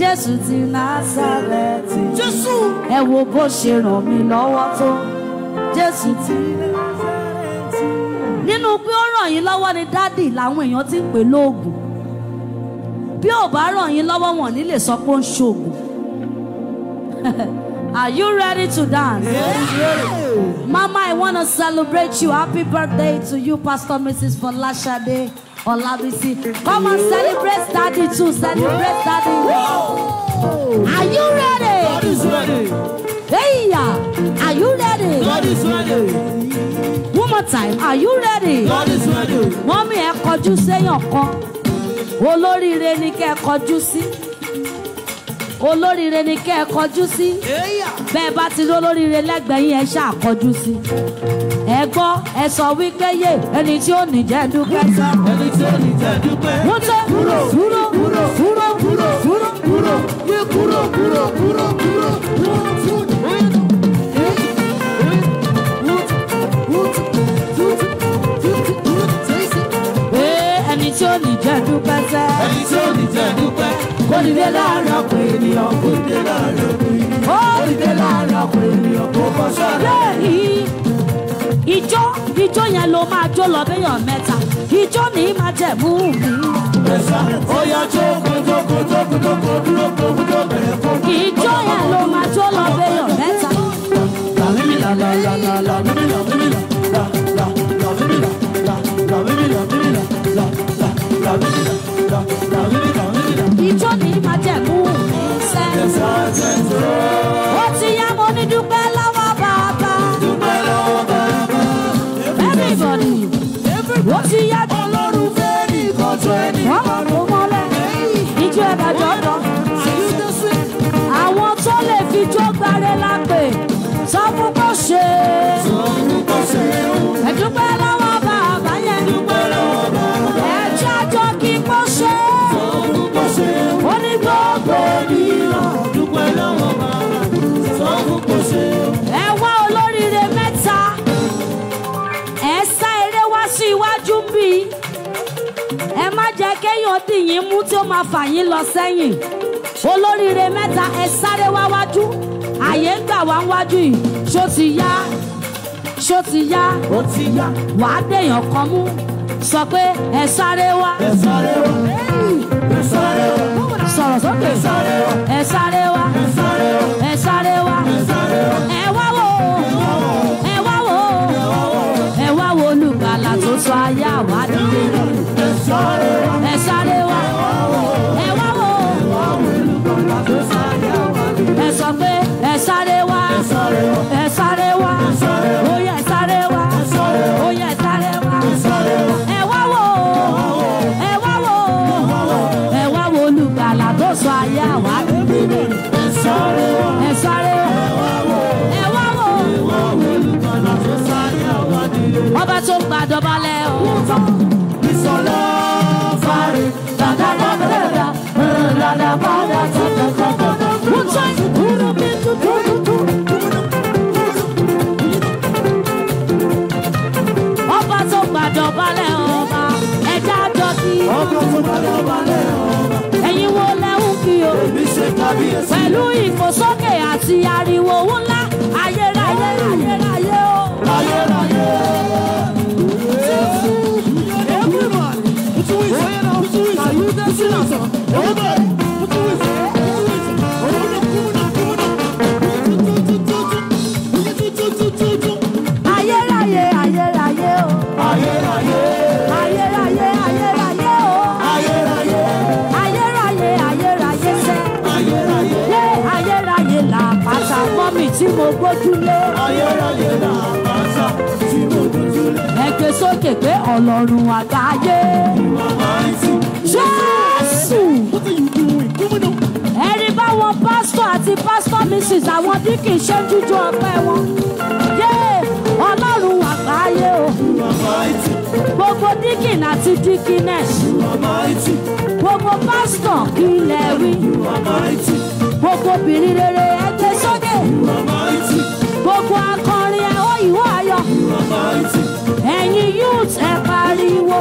A: Jésù ti Násárẹ́tì. Jésù. Ẹ wo bó ṣe ràn mí lọ́wọ́ tó. Jésù ti Násárẹ́tì. Nínú pé ó ràn yín lọ́wọ́ ni dádì làwọn èèyàn ti ń pè lóògùn. Bí ò bá ràn yín lọ́wọ́ wọn ní lè sọ pé ó ń ṣoògùn. Are you ready to dance? Yeah. Mama, I want to celebrate you. Happy birthday to you, Pastor Mrs. Folashade. Olabisi. Come and celebrate daddy too. Celebrate daddy.
B: Whoa.
A: Are you ready? God is ready. Hey, are you ready? God is ready. One more time. Are you ready? God is ready. Mommy, I you say your kọjú Oh kan. Olóríire ni kẹ́ ẹ you see? olóríire ni kẹ́ ẹ kọjú sí bẹ́ẹ̀ bá ti rí olóríire lẹ́gbẹ̀ẹ́ yín ẹ ṣáà kọjú sí ẹ gbọ́ ẹ sọ wípé yé ẹni tí ó nìjẹ́ dúpẹ́ sọ.
B: ẹni tí ó nìjẹ́ dúpẹ́. wọ́n tẹ́ kúrò kúrò kúrò kúrò kúrò kúrò kúrò yé kúrò kúrò kúrò kúrò kúrò kúrò.
A: ẹni tí ó nìjẹ́ dúpẹ́ sẹ́. ẹni tí ó nìjẹ́ dúpẹ́ olùdé láàrin ọkùnrin
B: ènìyàn
A: kò dé láàrin ọkùnrin olùdé láàrin
B: ọkùnrin ènìyàn
A: kò kọ sọ́ọ̀rọ̀. lẹ́yìn ijó ijó yẹn ló máa jó lọ béèyàn mẹ́ta ijó mi máa jẹ̀mú mi.
B: ẹ̀sà ó yá jókòó jókòó jókòó jókòó dúró gbogbo tó bẹ̀rẹ̀
A: kó. ijó yẹn ló máa jó lọ béèyàn mẹ́ta. làmìmì là là
B: là là làmìmì làmìmì là là là làmìmì là là làmìmì làmìmì là là là làmìmì
A: là là làmìmì là. ó ti yá mo ní dúpẹ́ lọ́wọ́ everybody ó ti yá mo. ọlọ́run fẹ́ nìkan tó ẹnì kan. wọ́n mọ̀ mọ́ lẹ́ ijó ẹ̀ bàjọ́ dán. àwọn tó lè fi jó gbáre lápè ṣe é. dì yín mú tí ó máa fà yín lọ sẹ́yìn olóríire mẹ́ta ẹ sáré wá wájú àyè ń gbà wá wájú yìí ṣó ti yá ṣó ti yá ó ti yá wàá dèèyàn kan mú sọ pé ẹ sáré wá ẹ sáré wá
B: ẹ sáré wá
A: sọ̀rọ̀ sókè ẹ sáré wá ẹ sáré wá ẹ sáré wá ẹ wá wò ó ẹ wá wò ó ẹ wá wò olùgbàlà tó sọ ayé àwárí. pẹ̀lú ìfòsókè àti ariwo ńlá ayérayé ayérayé o. ayérayé.
B: Jésù. Everyone, who's with us? Are you dancing? Everybody.
A: gbójúlé.
B: ayérayé là bá sá tí mo dojúlé.
A: ẹ ké sókè pé ọlọ́run àgbáyé. jésù. ẹ̀rí báwọn pásítọ̀ àti pásítọ̀ mrs àwọn díkì ṣe ń jújú ọpẹ́ wọn. ọlọ́run àgbáyé o. gbogbo díkìn àti díkínẹ́s. gbogbo pásítọ̀ kí lẹ wí. gbogbo obìnrin rere gbogbo akọrin ẹ̀ ó ìwọ ayọ̀ ẹ̀yin youth ẹ̀ pariwo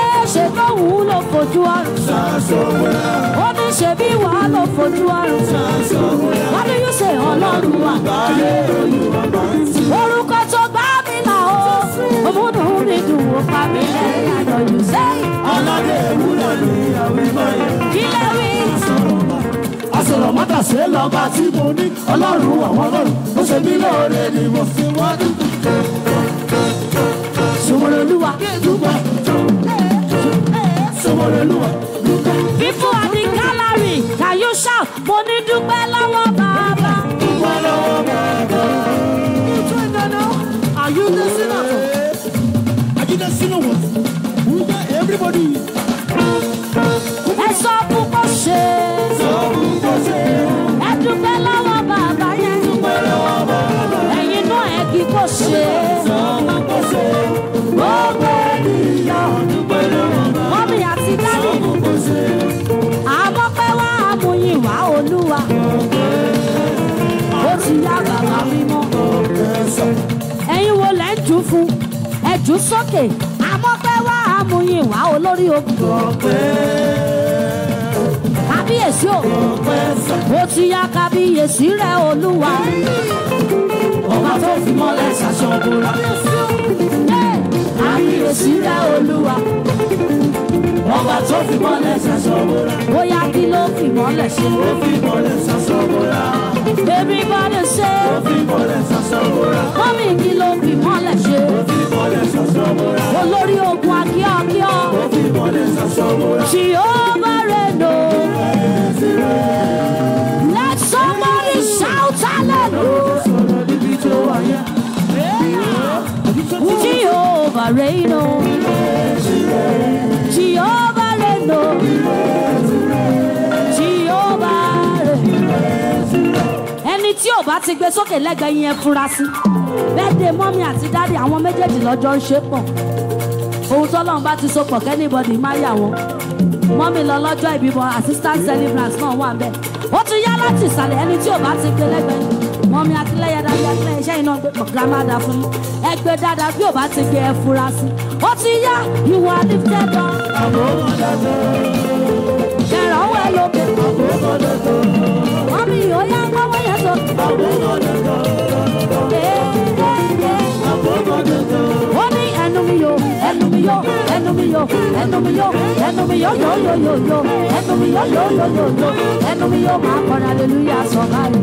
A: ẹ̀ ṣe lóhùn ló fojú ọ̀run ó ní ṣe bí wàá ló fojú ọ̀run wọ́n ní yóò ṣe ọlọ́run wa orúkọ tó gbá mi là ó òmùdùn mi dùn ó pa mí lẹ́yìn àjọ yìí sẹ́yìn.
B: ọlọ́dẹ ìwúlò ni àwọn ìmọ̀ yẹn. wí àṣẹ lọ́ba tí mo ní ọlọ́run àwọn ọlọ́run ó ṣe mí lóore ni
A: mo fi wọ́n dúpẹ́. sọmọlẹ olúwa dúpẹ́.
B: sọmọlẹ olúwa
A: dúpẹ́. before I dey gallery na you shout mo ní dúpẹ́ lọ́wọ́ bàbá.
B: dúpẹ́ lọ́wọ́ bàbá.
A: Are you the sinner? Are you the sinner one? Everybody. Ẹ sọ fún bó ṣe. jù sókè amọ́pẹ́ wá amúyìn wá olórí ogun. kábíyèsí o ó ti yá kábíyèsí rẹ olúwa ọba tó fi mọ́lẹ̀ ṣàṣọ kábíyèsí rẹ olúwa ọba tó fi mọ́lẹ̀ ṣaṣọ bora. bóyá kí ló fi mọ́lẹ̀ ṣe. ó fi mọ́lẹ̀ ṣaṣọ bora. everybody ṣe. ó fi mọ́lẹ̀ ṣaṣọ bora. mọ́mí kí ló fi mọ́lẹ̀ ṣe. ó
B: fi mọ́lẹ̀ ṣaṣọ bora.
A: olórí ogun akíọ́kíọ́. ó fi
B: mọ́lẹ̀ ṣaṣọ bora. ṣì
A: ó bá rẹ̀ nù. let somebody shout hallelujah. Jehovah reign on. Jehovah reigns. Jehovah reigns. Ẹni tí ò bá ti gbé sókè lẹ́gbẹ̀ẹ́ yẹn fura sí. Bẹ́ẹ̀dẹ̀ mọ́mí àti dáàdì àwọn méjèèjì lọ́jọ́ ń ṣe pọ̀. Ohun tọ́lọ́run bá ti so pọ̀ kẹ́nìbọ̀dì má yà wọ́n. Mọ́mí lọ lọ́jọ́ ìbímọ assistant celebrant náà wà bẹ́ẹ̀. Ó ti yá láti ìsàlẹ̀ ẹni tí ò bá ti gbé lẹ́gbẹ̀ẹ́ yẹn mọ́mí akílẹ̀yà dáadáa akílẹ̀yà iṣẹ́ iná gbé pọ̀ gírámà dáa fún yín ẹgbẹ́ dáadáa bí ò bá ti gbé ẹ fura sí i ó ti yá you are lifted up. àbòmọ̀dọ́tò. kẹrọ wẹ lókè. àbòmọ̀dọ́tò. wọ́n mi ò yá gbọ́wọ́ yẹn sọ. àbòmọ̀dọ́tò. kéèké. àbòmọ̀dọ́tò. ó ní ẹnu mi yó ẹnu mi yó ẹnu mi yó ẹnu mi yó ẹnu mi yó yó yó yó yó ẹnu mi yó yó yó yó yó ẹnu mi yó máa kọrin hallelujah sọ báyìí.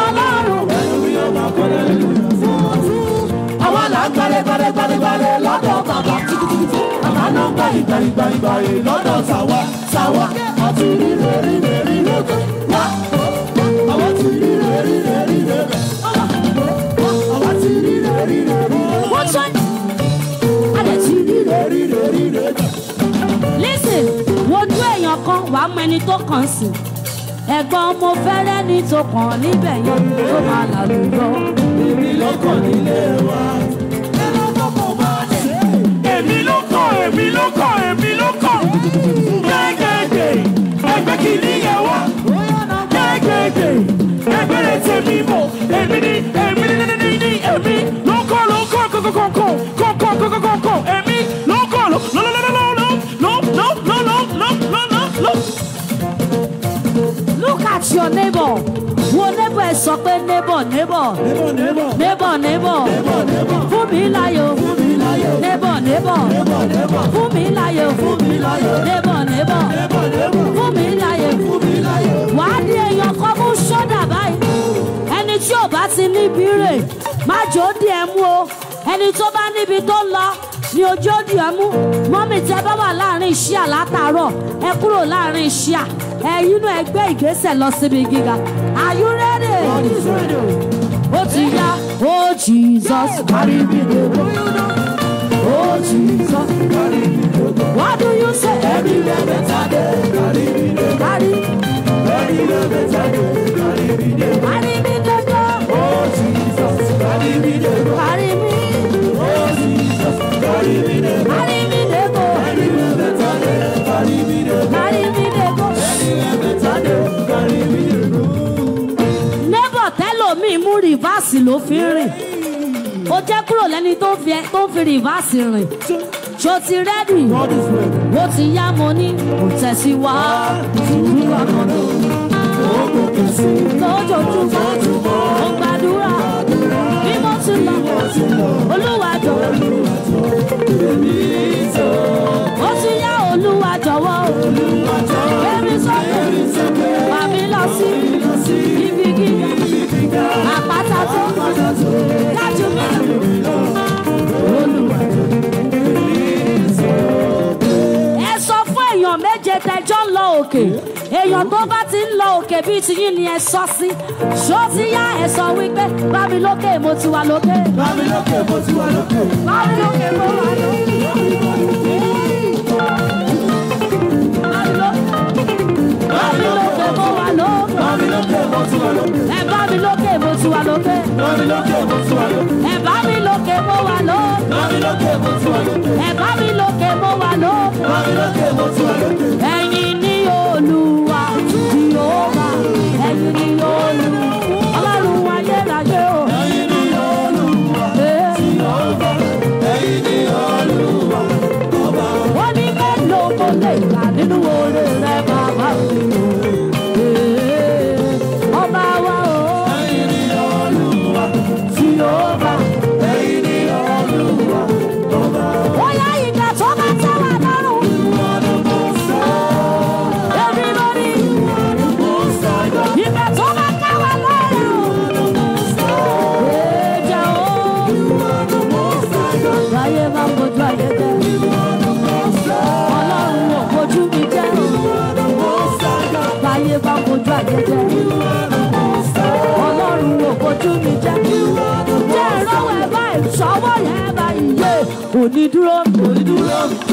A: ọlọ́run. ẹnu mi yó máa kọrin hallelujah gbalẹ̀gbalẹ̀gbalẹ̀gbalẹ̀ lọ́dọ̀ bàbá tukutukutu. Bàbá náà
B: gba ìgbà ìgbà ìgbà yìí lọ́dọ̀ sàwa sàwa. Àti ríre ríre ríre bẹ̀ wá. Àwa ti ríre ríre ríre bẹ̀ wá. Àwa ti ríre ríre ríre
A: bẹ̀ wá. Àwa ti ríre ríre ríre bẹ̀. Lísìn, wojú èèyàn kan wàá mọ ẹni tó kàn sí. Ẹ̀gbọ́n mo fẹ́rẹ́ ní tó kàn níbẹ̀ yẹn tó máa làlùyọ.
B: Èmi ló nílé wa. èmi ló èmi ló kàn gẹ́gẹ́gẹ́ ẹgbẹ́ kìíní yẹn wá gẹ́gẹ́gẹ́ ẹgbẹ́ rẹ̀ tèmi mọ̀ èmi ni èmi ni ní ní ní èmi èmi ló
A: Look at your neighbor neighbor neighbor neighbor neighbor neighbor neighbor neighbor neighbor. nébọ̀ fún mi láyè fún mi láyè fún mi láyè wàá di èèyàn kan mú sọ́dà báyìí ẹni tí ò bá ti níbi rè má jò ó di ẹ mú o ẹni tó bá níbi tó lọ ní ojú òdì ọmú mọ́mì tẹ́ bá wà láàrin iṣẹ́ àlátàárọ̀ ẹ kúrò láàrin iṣẹ́ à ẹ ìgbésẹ̀ lọ síbi gíga Are you ready? ó ti yá ó oh, Jesus. Yeah. Jesus. Carry me to
B: God. What do you say? Everywhere better Carry me Carry me
A: better Carry me Carry me Oh Jesus. Carry me Carry me. Oh Jesus. Carry me Carry me to better Carry me Carry me Everywhere better Carry me to God. Neighbor, tell me, mú rìvásì ló fi rìn ó jẹ́ kúrò lẹ́ni tó fi tó fi rìvásì rìn ṣó ti rẹ́dì bó ti yá mo ní kò tẹ̀síwá ìtúrú àkàndó ó gòkè sí lójoojúmọ́ ó gbàdúrà bí mo ti lọ olúwa jọ̀wọ́ ó ti yá olúwa jọ̀wọ́ kẹ́mi sọ́kẹ́ bàbí lọ sí ibi gíga ẹ sọ fún èèyàn méje tẹjọ́ ń lọ òkè èèyàn tó bá ti ń lọ òkè bíi tiyín ni ẹ sọ sí ṣó ti yá ẹ sọ wípé bá lókè mo ti wà lókè. bá
B: lókè mo ti wà lókè. bá lókè mo wà lókè. mo ti wà lókè.
A: ẹ bá mi lókè mo ti wà lókè. bá mi lókè mo ni Olúwa,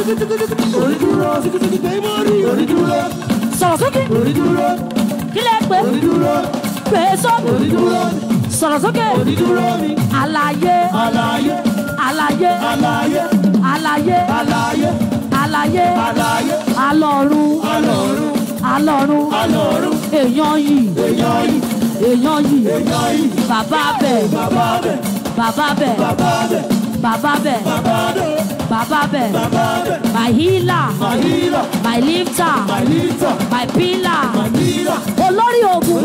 A: orídúró tèmórì orídúró sọ̀rọ̀ sókè orídúró kílẹ̀ pé orídúró pé sọ́ọ̀bù orídúró sọ̀rọ̀ sókè orídúró mi àlàyé àlàyé àlàyé àlàyé àlàyé àlàyé àlàyé àlàyé alọ̀run alọ̀run alọ̀run alọ̀run èèyàn yìí èèyàn yìí èèyàn yìí èèyàn yìí bàbá bẹ̀ bàbá bẹ̀ bàbá bẹ̀ bàbá bẹ̀ bàbá bẹ̀. Baba Ben, Baba ben. my healer, my healer, my lifter, my lifter, my pillar, my pillar. Olórí ogun,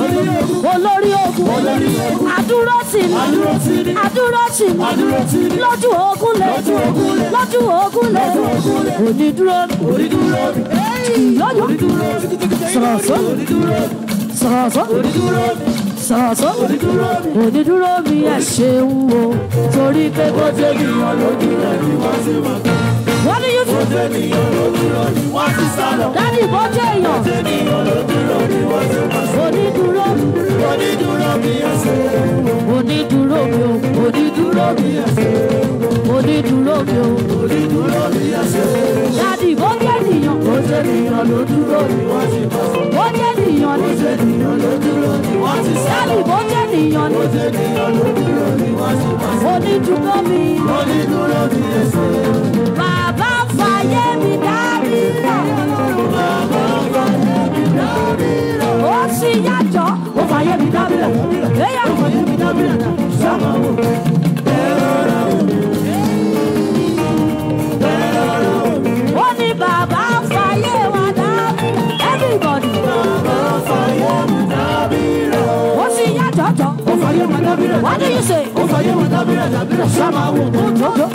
A: olórí ogun, olórí ogun. Adúró tì mí, adúró tì mí, adúró tì mí, adúró tì mí. Lójú ogun lè, lójú ogun lè, lójú ogun lè, lójú ogun lè. Onídúró mi, onídúró mi. Lójú, sọ̀rọ̀ sọ̀rọ̀, sọ̀rọ̀ sọ̀rọ̀ sọ̀sọ́ onídúró mi ẹ̀ ṣeun o
B: torí pé bó ṣe nìyàn lójú rẹ̀ ni wọ́n ṣe máa tán. wọ́n ní yóò ṣe nìyàn lójú rẹ̀
A: ni wọ́n ti sá lọ. dádì bó ṣe èèyàn bó ṣe nìyàn lójú rẹ̀ ni wọ́n ṣe máa tán. onídúró onídúró mi ẹ̀ ṣeun o onídúró mi o onídúró
B: mi ẹ̀ ṣeun
A: o onídúró mi o onídúró mi ẹ̀ ṣeun o. dádì bó ṣe nìyàn bó ṣe nìyàn lójú rẹ̀ ni wọ́n ti máa tán. bó ènìyàn ní. ó ṣe ènìyàn ló dúró ní wáṣíwáṣí.
B: onídùúró mi. onídùúró mi lè ṣe. bàbá fàyè mi dárí rà. bàbá fàyè mi dárí rà. ó sì yájọ́. ó fàyè mi dárí rà. ó fàyè mi dárí rà. sọ́mọ́ wò. What do you say? Ó fàyè ma dabira
A: dabira sábà wò. Òjòjò.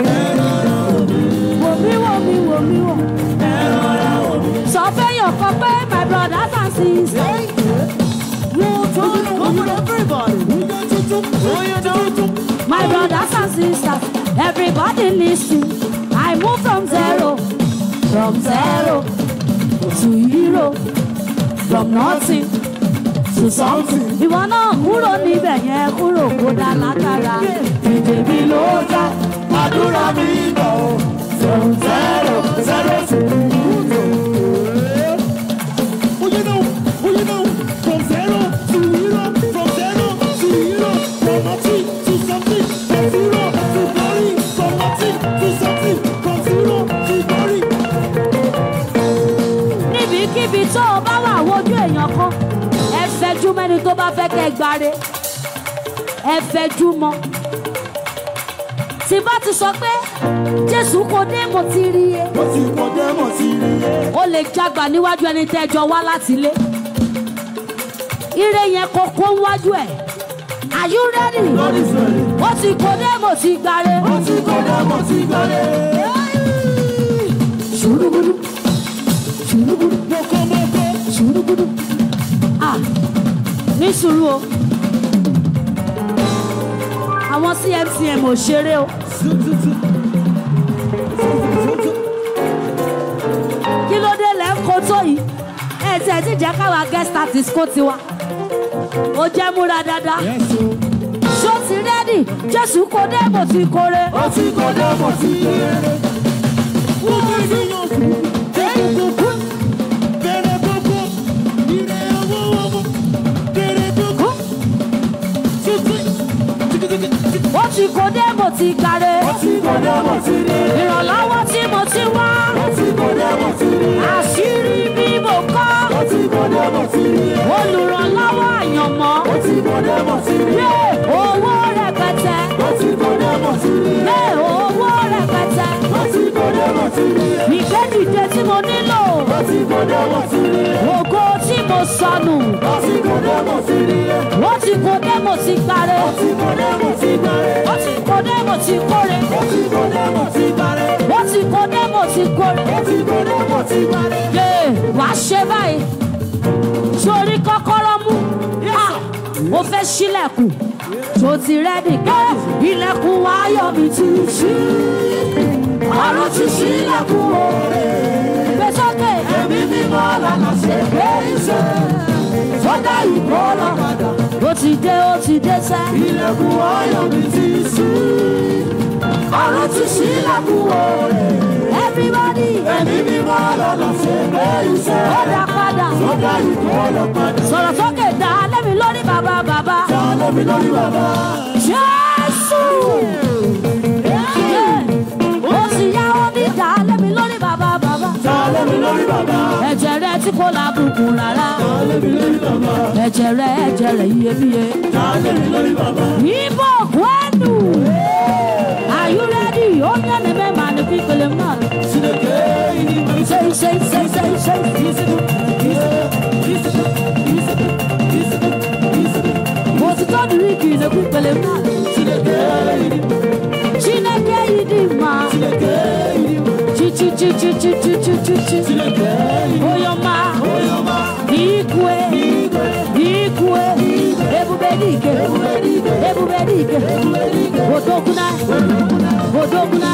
A: everybody. My brothers and sisters, everybody listen. I move from zero, from zero to hero, from nothing to something. ìwọ náà kúrò níbẹ̀ yẹn kúrò kó dá lágbára. ìdè mi ló dá àdúrà mi bọ̀ o zero zero
B: zero
A: tẹgbàre ẹ fẹjú mọ́ tí ti sọ pé jésù kò dé mo ti rí e. ó sì kò dé mo ti rí e. ó lè jágbà níwájú ẹni tẹ́jọ wá láti ilé. ire yẹn kò kó wájú ẹ̀. are you ready? ó sì kò dé mo ti gbàre. ó sì kò
B: dé mo ti gbàre.
A: ṣùrùgùdù ṣùrùgùdù mọ̀kọ́mọ̀kọ́ ṣùrùgùdù ní sùúrù o àwọn cmcm ò ṣeré o kí ló dé lẹ́ ń kó tó yìí ẹ̀ tí ẹ̀ ti jẹ́ káwa guest artist kó tiwa ó jẹ́ múra dáadáa ṣó ti rẹ́dì jésù kò dé bò ti kórè. ó ti
B: kò dé ti kórè.
A: wọ́n ti yàn kú. ti kò dé mo ti kàre. Mo ti kò dé mo ti dé. Ìrànlọ́wọ́ tí mo ti wá. Mo ti kò dé mo ti dé. Àṣírí bí mo kọ́.
B: Mo ti kò dé mo ti dé.
A: Olùrànlọ́wọ́ àyànmọ́. Mo ti kò mo ti dé. owó rẹpẹtẹ. Mo ti kò mo ti dé. owó rẹpẹtẹ. Mo ti ìgbé dìde tí mo nílò ògo tí mo sọnù ó ti kó
B: dé
A: mo ti gbàre ó ti kó dé mo ti kóre ó ti kó dé mo ti kóre yé wàá ṣe báyìí sórí kọ́kọ́rọ́ mú ah, mo fẹ́ ṣílẹ̀kùn tó ti rẹ́dì pé ilẹ̀kùn wa yọ̀ mí tìrìtìrì ọ̀run ti ṣí ilẹ̀kùn òòrè. gbèsòkè ẹ̀mí mímọ́ lànà ṣe pé iṣẹ́ sọ́dá ìbò lọ́kadà. ó ti dé ó ti dé sá. ilẹ̀kùn ọyọ̀ mi ti ṣí. ọ̀run ti ṣí ilẹ̀kùn òòrè. everybody ẹ̀mí mímọ́ lànà ṣe pé iṣẹ́ ọ̀dà padà. sọ́dá ìbò lọ́kadà. sọ̀rọ̀ sókè dá lẹ́mi lórí bàbá bàbá. dá lẹ́mi lórí bàbá. jésù. Yeah. kó lábùkún rárá.
B: Tàlẹ́bí lórí bàbá.
A: Ẹ̀jẹ̀ rẹ̀ ẹ̀jẹ̀ rẹ̀ iyebíye.
B: Tàlẹ́bí lórí bàbá.
A: Ibo Gwenu. Are you ready? Omi ẹni bẹ́ẹ̀ máa ní pípele mọ́. Sineke ìní mọ̀ ṣe ṣe ṣe ṣe ṣe ìsìnkú ìsìnkú ìsìnkú ìsìnkú ìsìnkú. Mo ti tọ́ dìrí kì í ṣe pípele mọ́. Sineke ìní mọ̀. Sineke ìní mọ̀. Sineke ìní mọ̀. Chi chi chi chi chi chi chi chi chi. Sineke ìní mọ̀. Oyọ̀ máa. ebuberike ebuberike odoguna odoguna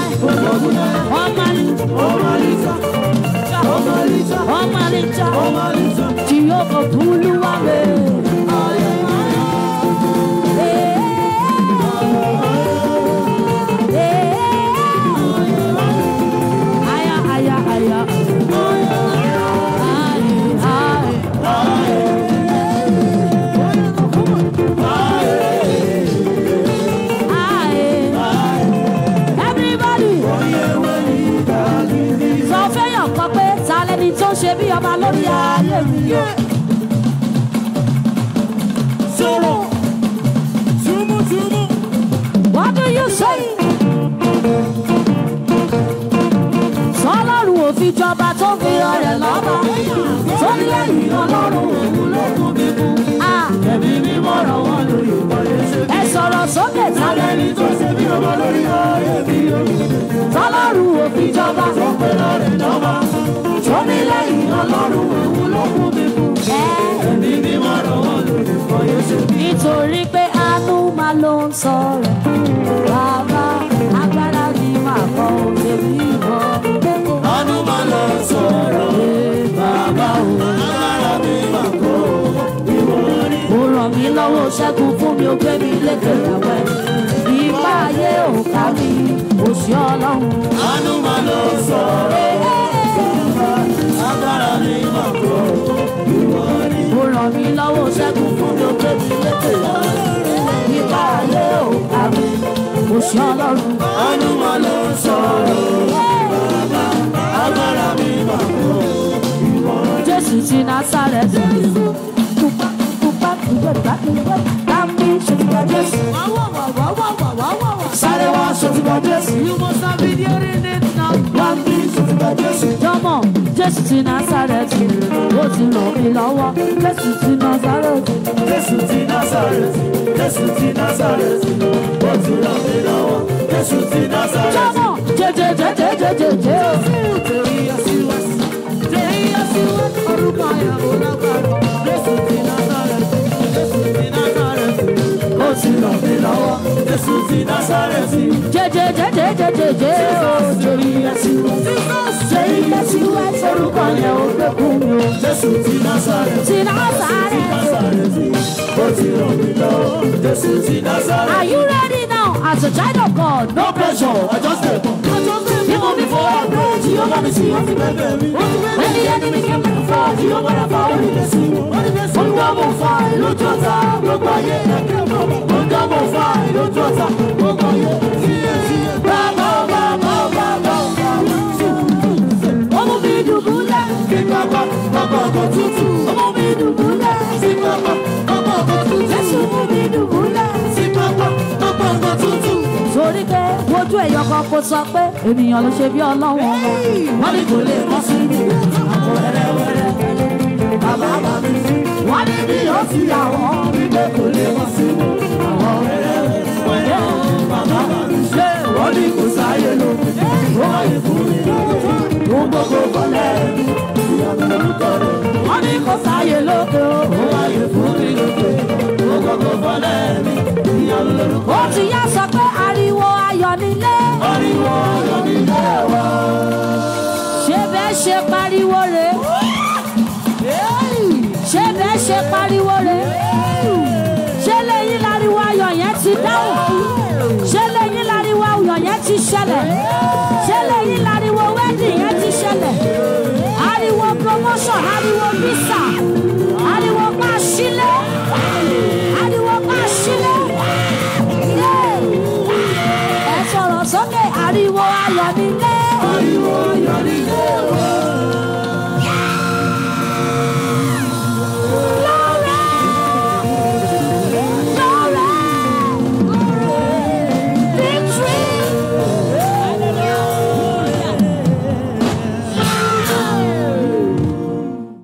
A: ọmalisa ọmalisa ọmalisa ti yóò kọ bulu wa wee. lórí ayé mi yé. Sọ̀rọ̀ túmútúmú. What do you say? Sọ́lọ́run ò fi jọba tó fi ọrẹ̀ lọ́ba.
B: Sọ́ni lẹ́yìn ọlọ́run òun ló kún mi
A: kú. Ẹ̀mí mi mọ̀ràn wọn. nítorí pé àánú máa ló ń sọ̀rọ̀ bàbá agbára ni màá kọ́ òkè mi bọ̀. àánú máa ló ń sọ̀rọ̀ bàbá agbára ni màá kọ́ ìwọ rí. ó ràn mí lọ́wọ́ ṣẹ́gun fún mi ó gbé mi lékè láwẹ́ ipá ayé ò ká mi òṣì ọlọ́run. àánú máa ló ń sọ̀rọ̀. ràn mí lọ́wọ́ ṣẹ́gun fún mi ó gbé mi lékè nípa alẹ́ ò àmì kò sí ọlọ́run. ọdúnmọ̀ ló ń sọ̀rọ̀ bàbá agbára mi mà kó ìwọ. Jésù ti Násárẹ́tì kúpa kúpa kúpa kúpa kámi jọmọ jésù ti násàrẹ́tì ó ti ràn mí lọ́wọ́ jésù ti násàrẹ́tì jésù ti
B: násàrẹ́tì jésù ti násàrẹ́tì ó ti ràn mí lọ́wọ́ jésù ti násàrẹ́tì. jọmọ
A: jẹjẹ jẹjẹ jẹjẹ jẹ. Jesus, Jesus,
B: Jesus, Jesus. Jesus násàrẹ́tì jésù Jesus násàrẹ́tì ó ti Jesus mí lọ́wọ́. Jésù ti Násárẹ́tì.
A: Jẹ́jẹ́ jẹ́jẹ́ jẹ́jẹ́ jẹ́ o. Jẹ́rí ẹ̀sìn wá.
B: Jẹ́rí ẹ̀sìn wá. Orúkọ yẹn ò gbé kún mi o. Jésù Are
A: you ready now? As a child of God, no pressure. I just dey come.
B: Even before I pray, Jehovah me see what you beg me. When the enemy came to fall, Jehovah na fall. Olùdó mo fa ìlú tó ta gbogbo ayé ẹ̀kẹ́ mọ́ kò fà lójú ọ̀tá gbogbo yẹ síye síye bàbá bàbá bàbá. ọmọ mi dùbúlẹ̀ sí pápá pápá ọkọ̀ tútù. ọmọ mi dùbúlẹ̀ sí pápá pápá ọkọ̀ tútù. jésù mú mi dùbúlẹ̀ sí pápá
A: pápá ọkọ̀ tútù. torí pé wojú ẹ̀yọ́ kan kò sọ pé ènìyàn ló ṣe bí ọlọ́wọ́n wọn. wọ́n kò lè mọ́ sí mi àpò ẹlẹ́wẹ̀rẹ̀ bàbá bá mi sí. Wọ́n ní bí yóò sí àwọn
B: wípé kò lè wọ́n sí wo. Àwọn ẹ̀rẹ́ wẹ̀rẹ́ bàbá bá mi sí. Wọ́n ní kò sáyé lóko, wọ́n ìfún mi lóko, wọ́n gbogbo bọ́lẹ̀
A: ìyàtọ̀ lórúkọ rẹ̀. Wọ́n ní kò sáyé lóko, wọ́n ìfún mi lóko, wọ́n gbogbo bọ́lẹ̀ ìyàtọ̀ lórúkọ rẹ̀. Ó ti yá sọ pé ariwo ayọ̀ nílé.
B: Ariwo ayọ̀ nílé wa.
A: Ṣé bẹ́ẹ̀ ṣe pariwo rèé? ṣé bẹ́ẹ̀ ṣe pariwo rẹ̀ ṣé lẹ́yìn láriwo ayọ̀ yẹn ti dáhùn ṣé lẹ́yìn láriwo ayọ̀ yẹn ti ṣẹlẹ̀ ṣé lẹ́yìn láriwo wẹ́ẹ̀dì yẹn ti ṣẹlẹ̀ ariwo promotion ariwo visa ariwo pa sílé ariwo pa sílé ẹ sọ̀rọ̀ sókè ariwo ayọ̀ nílé.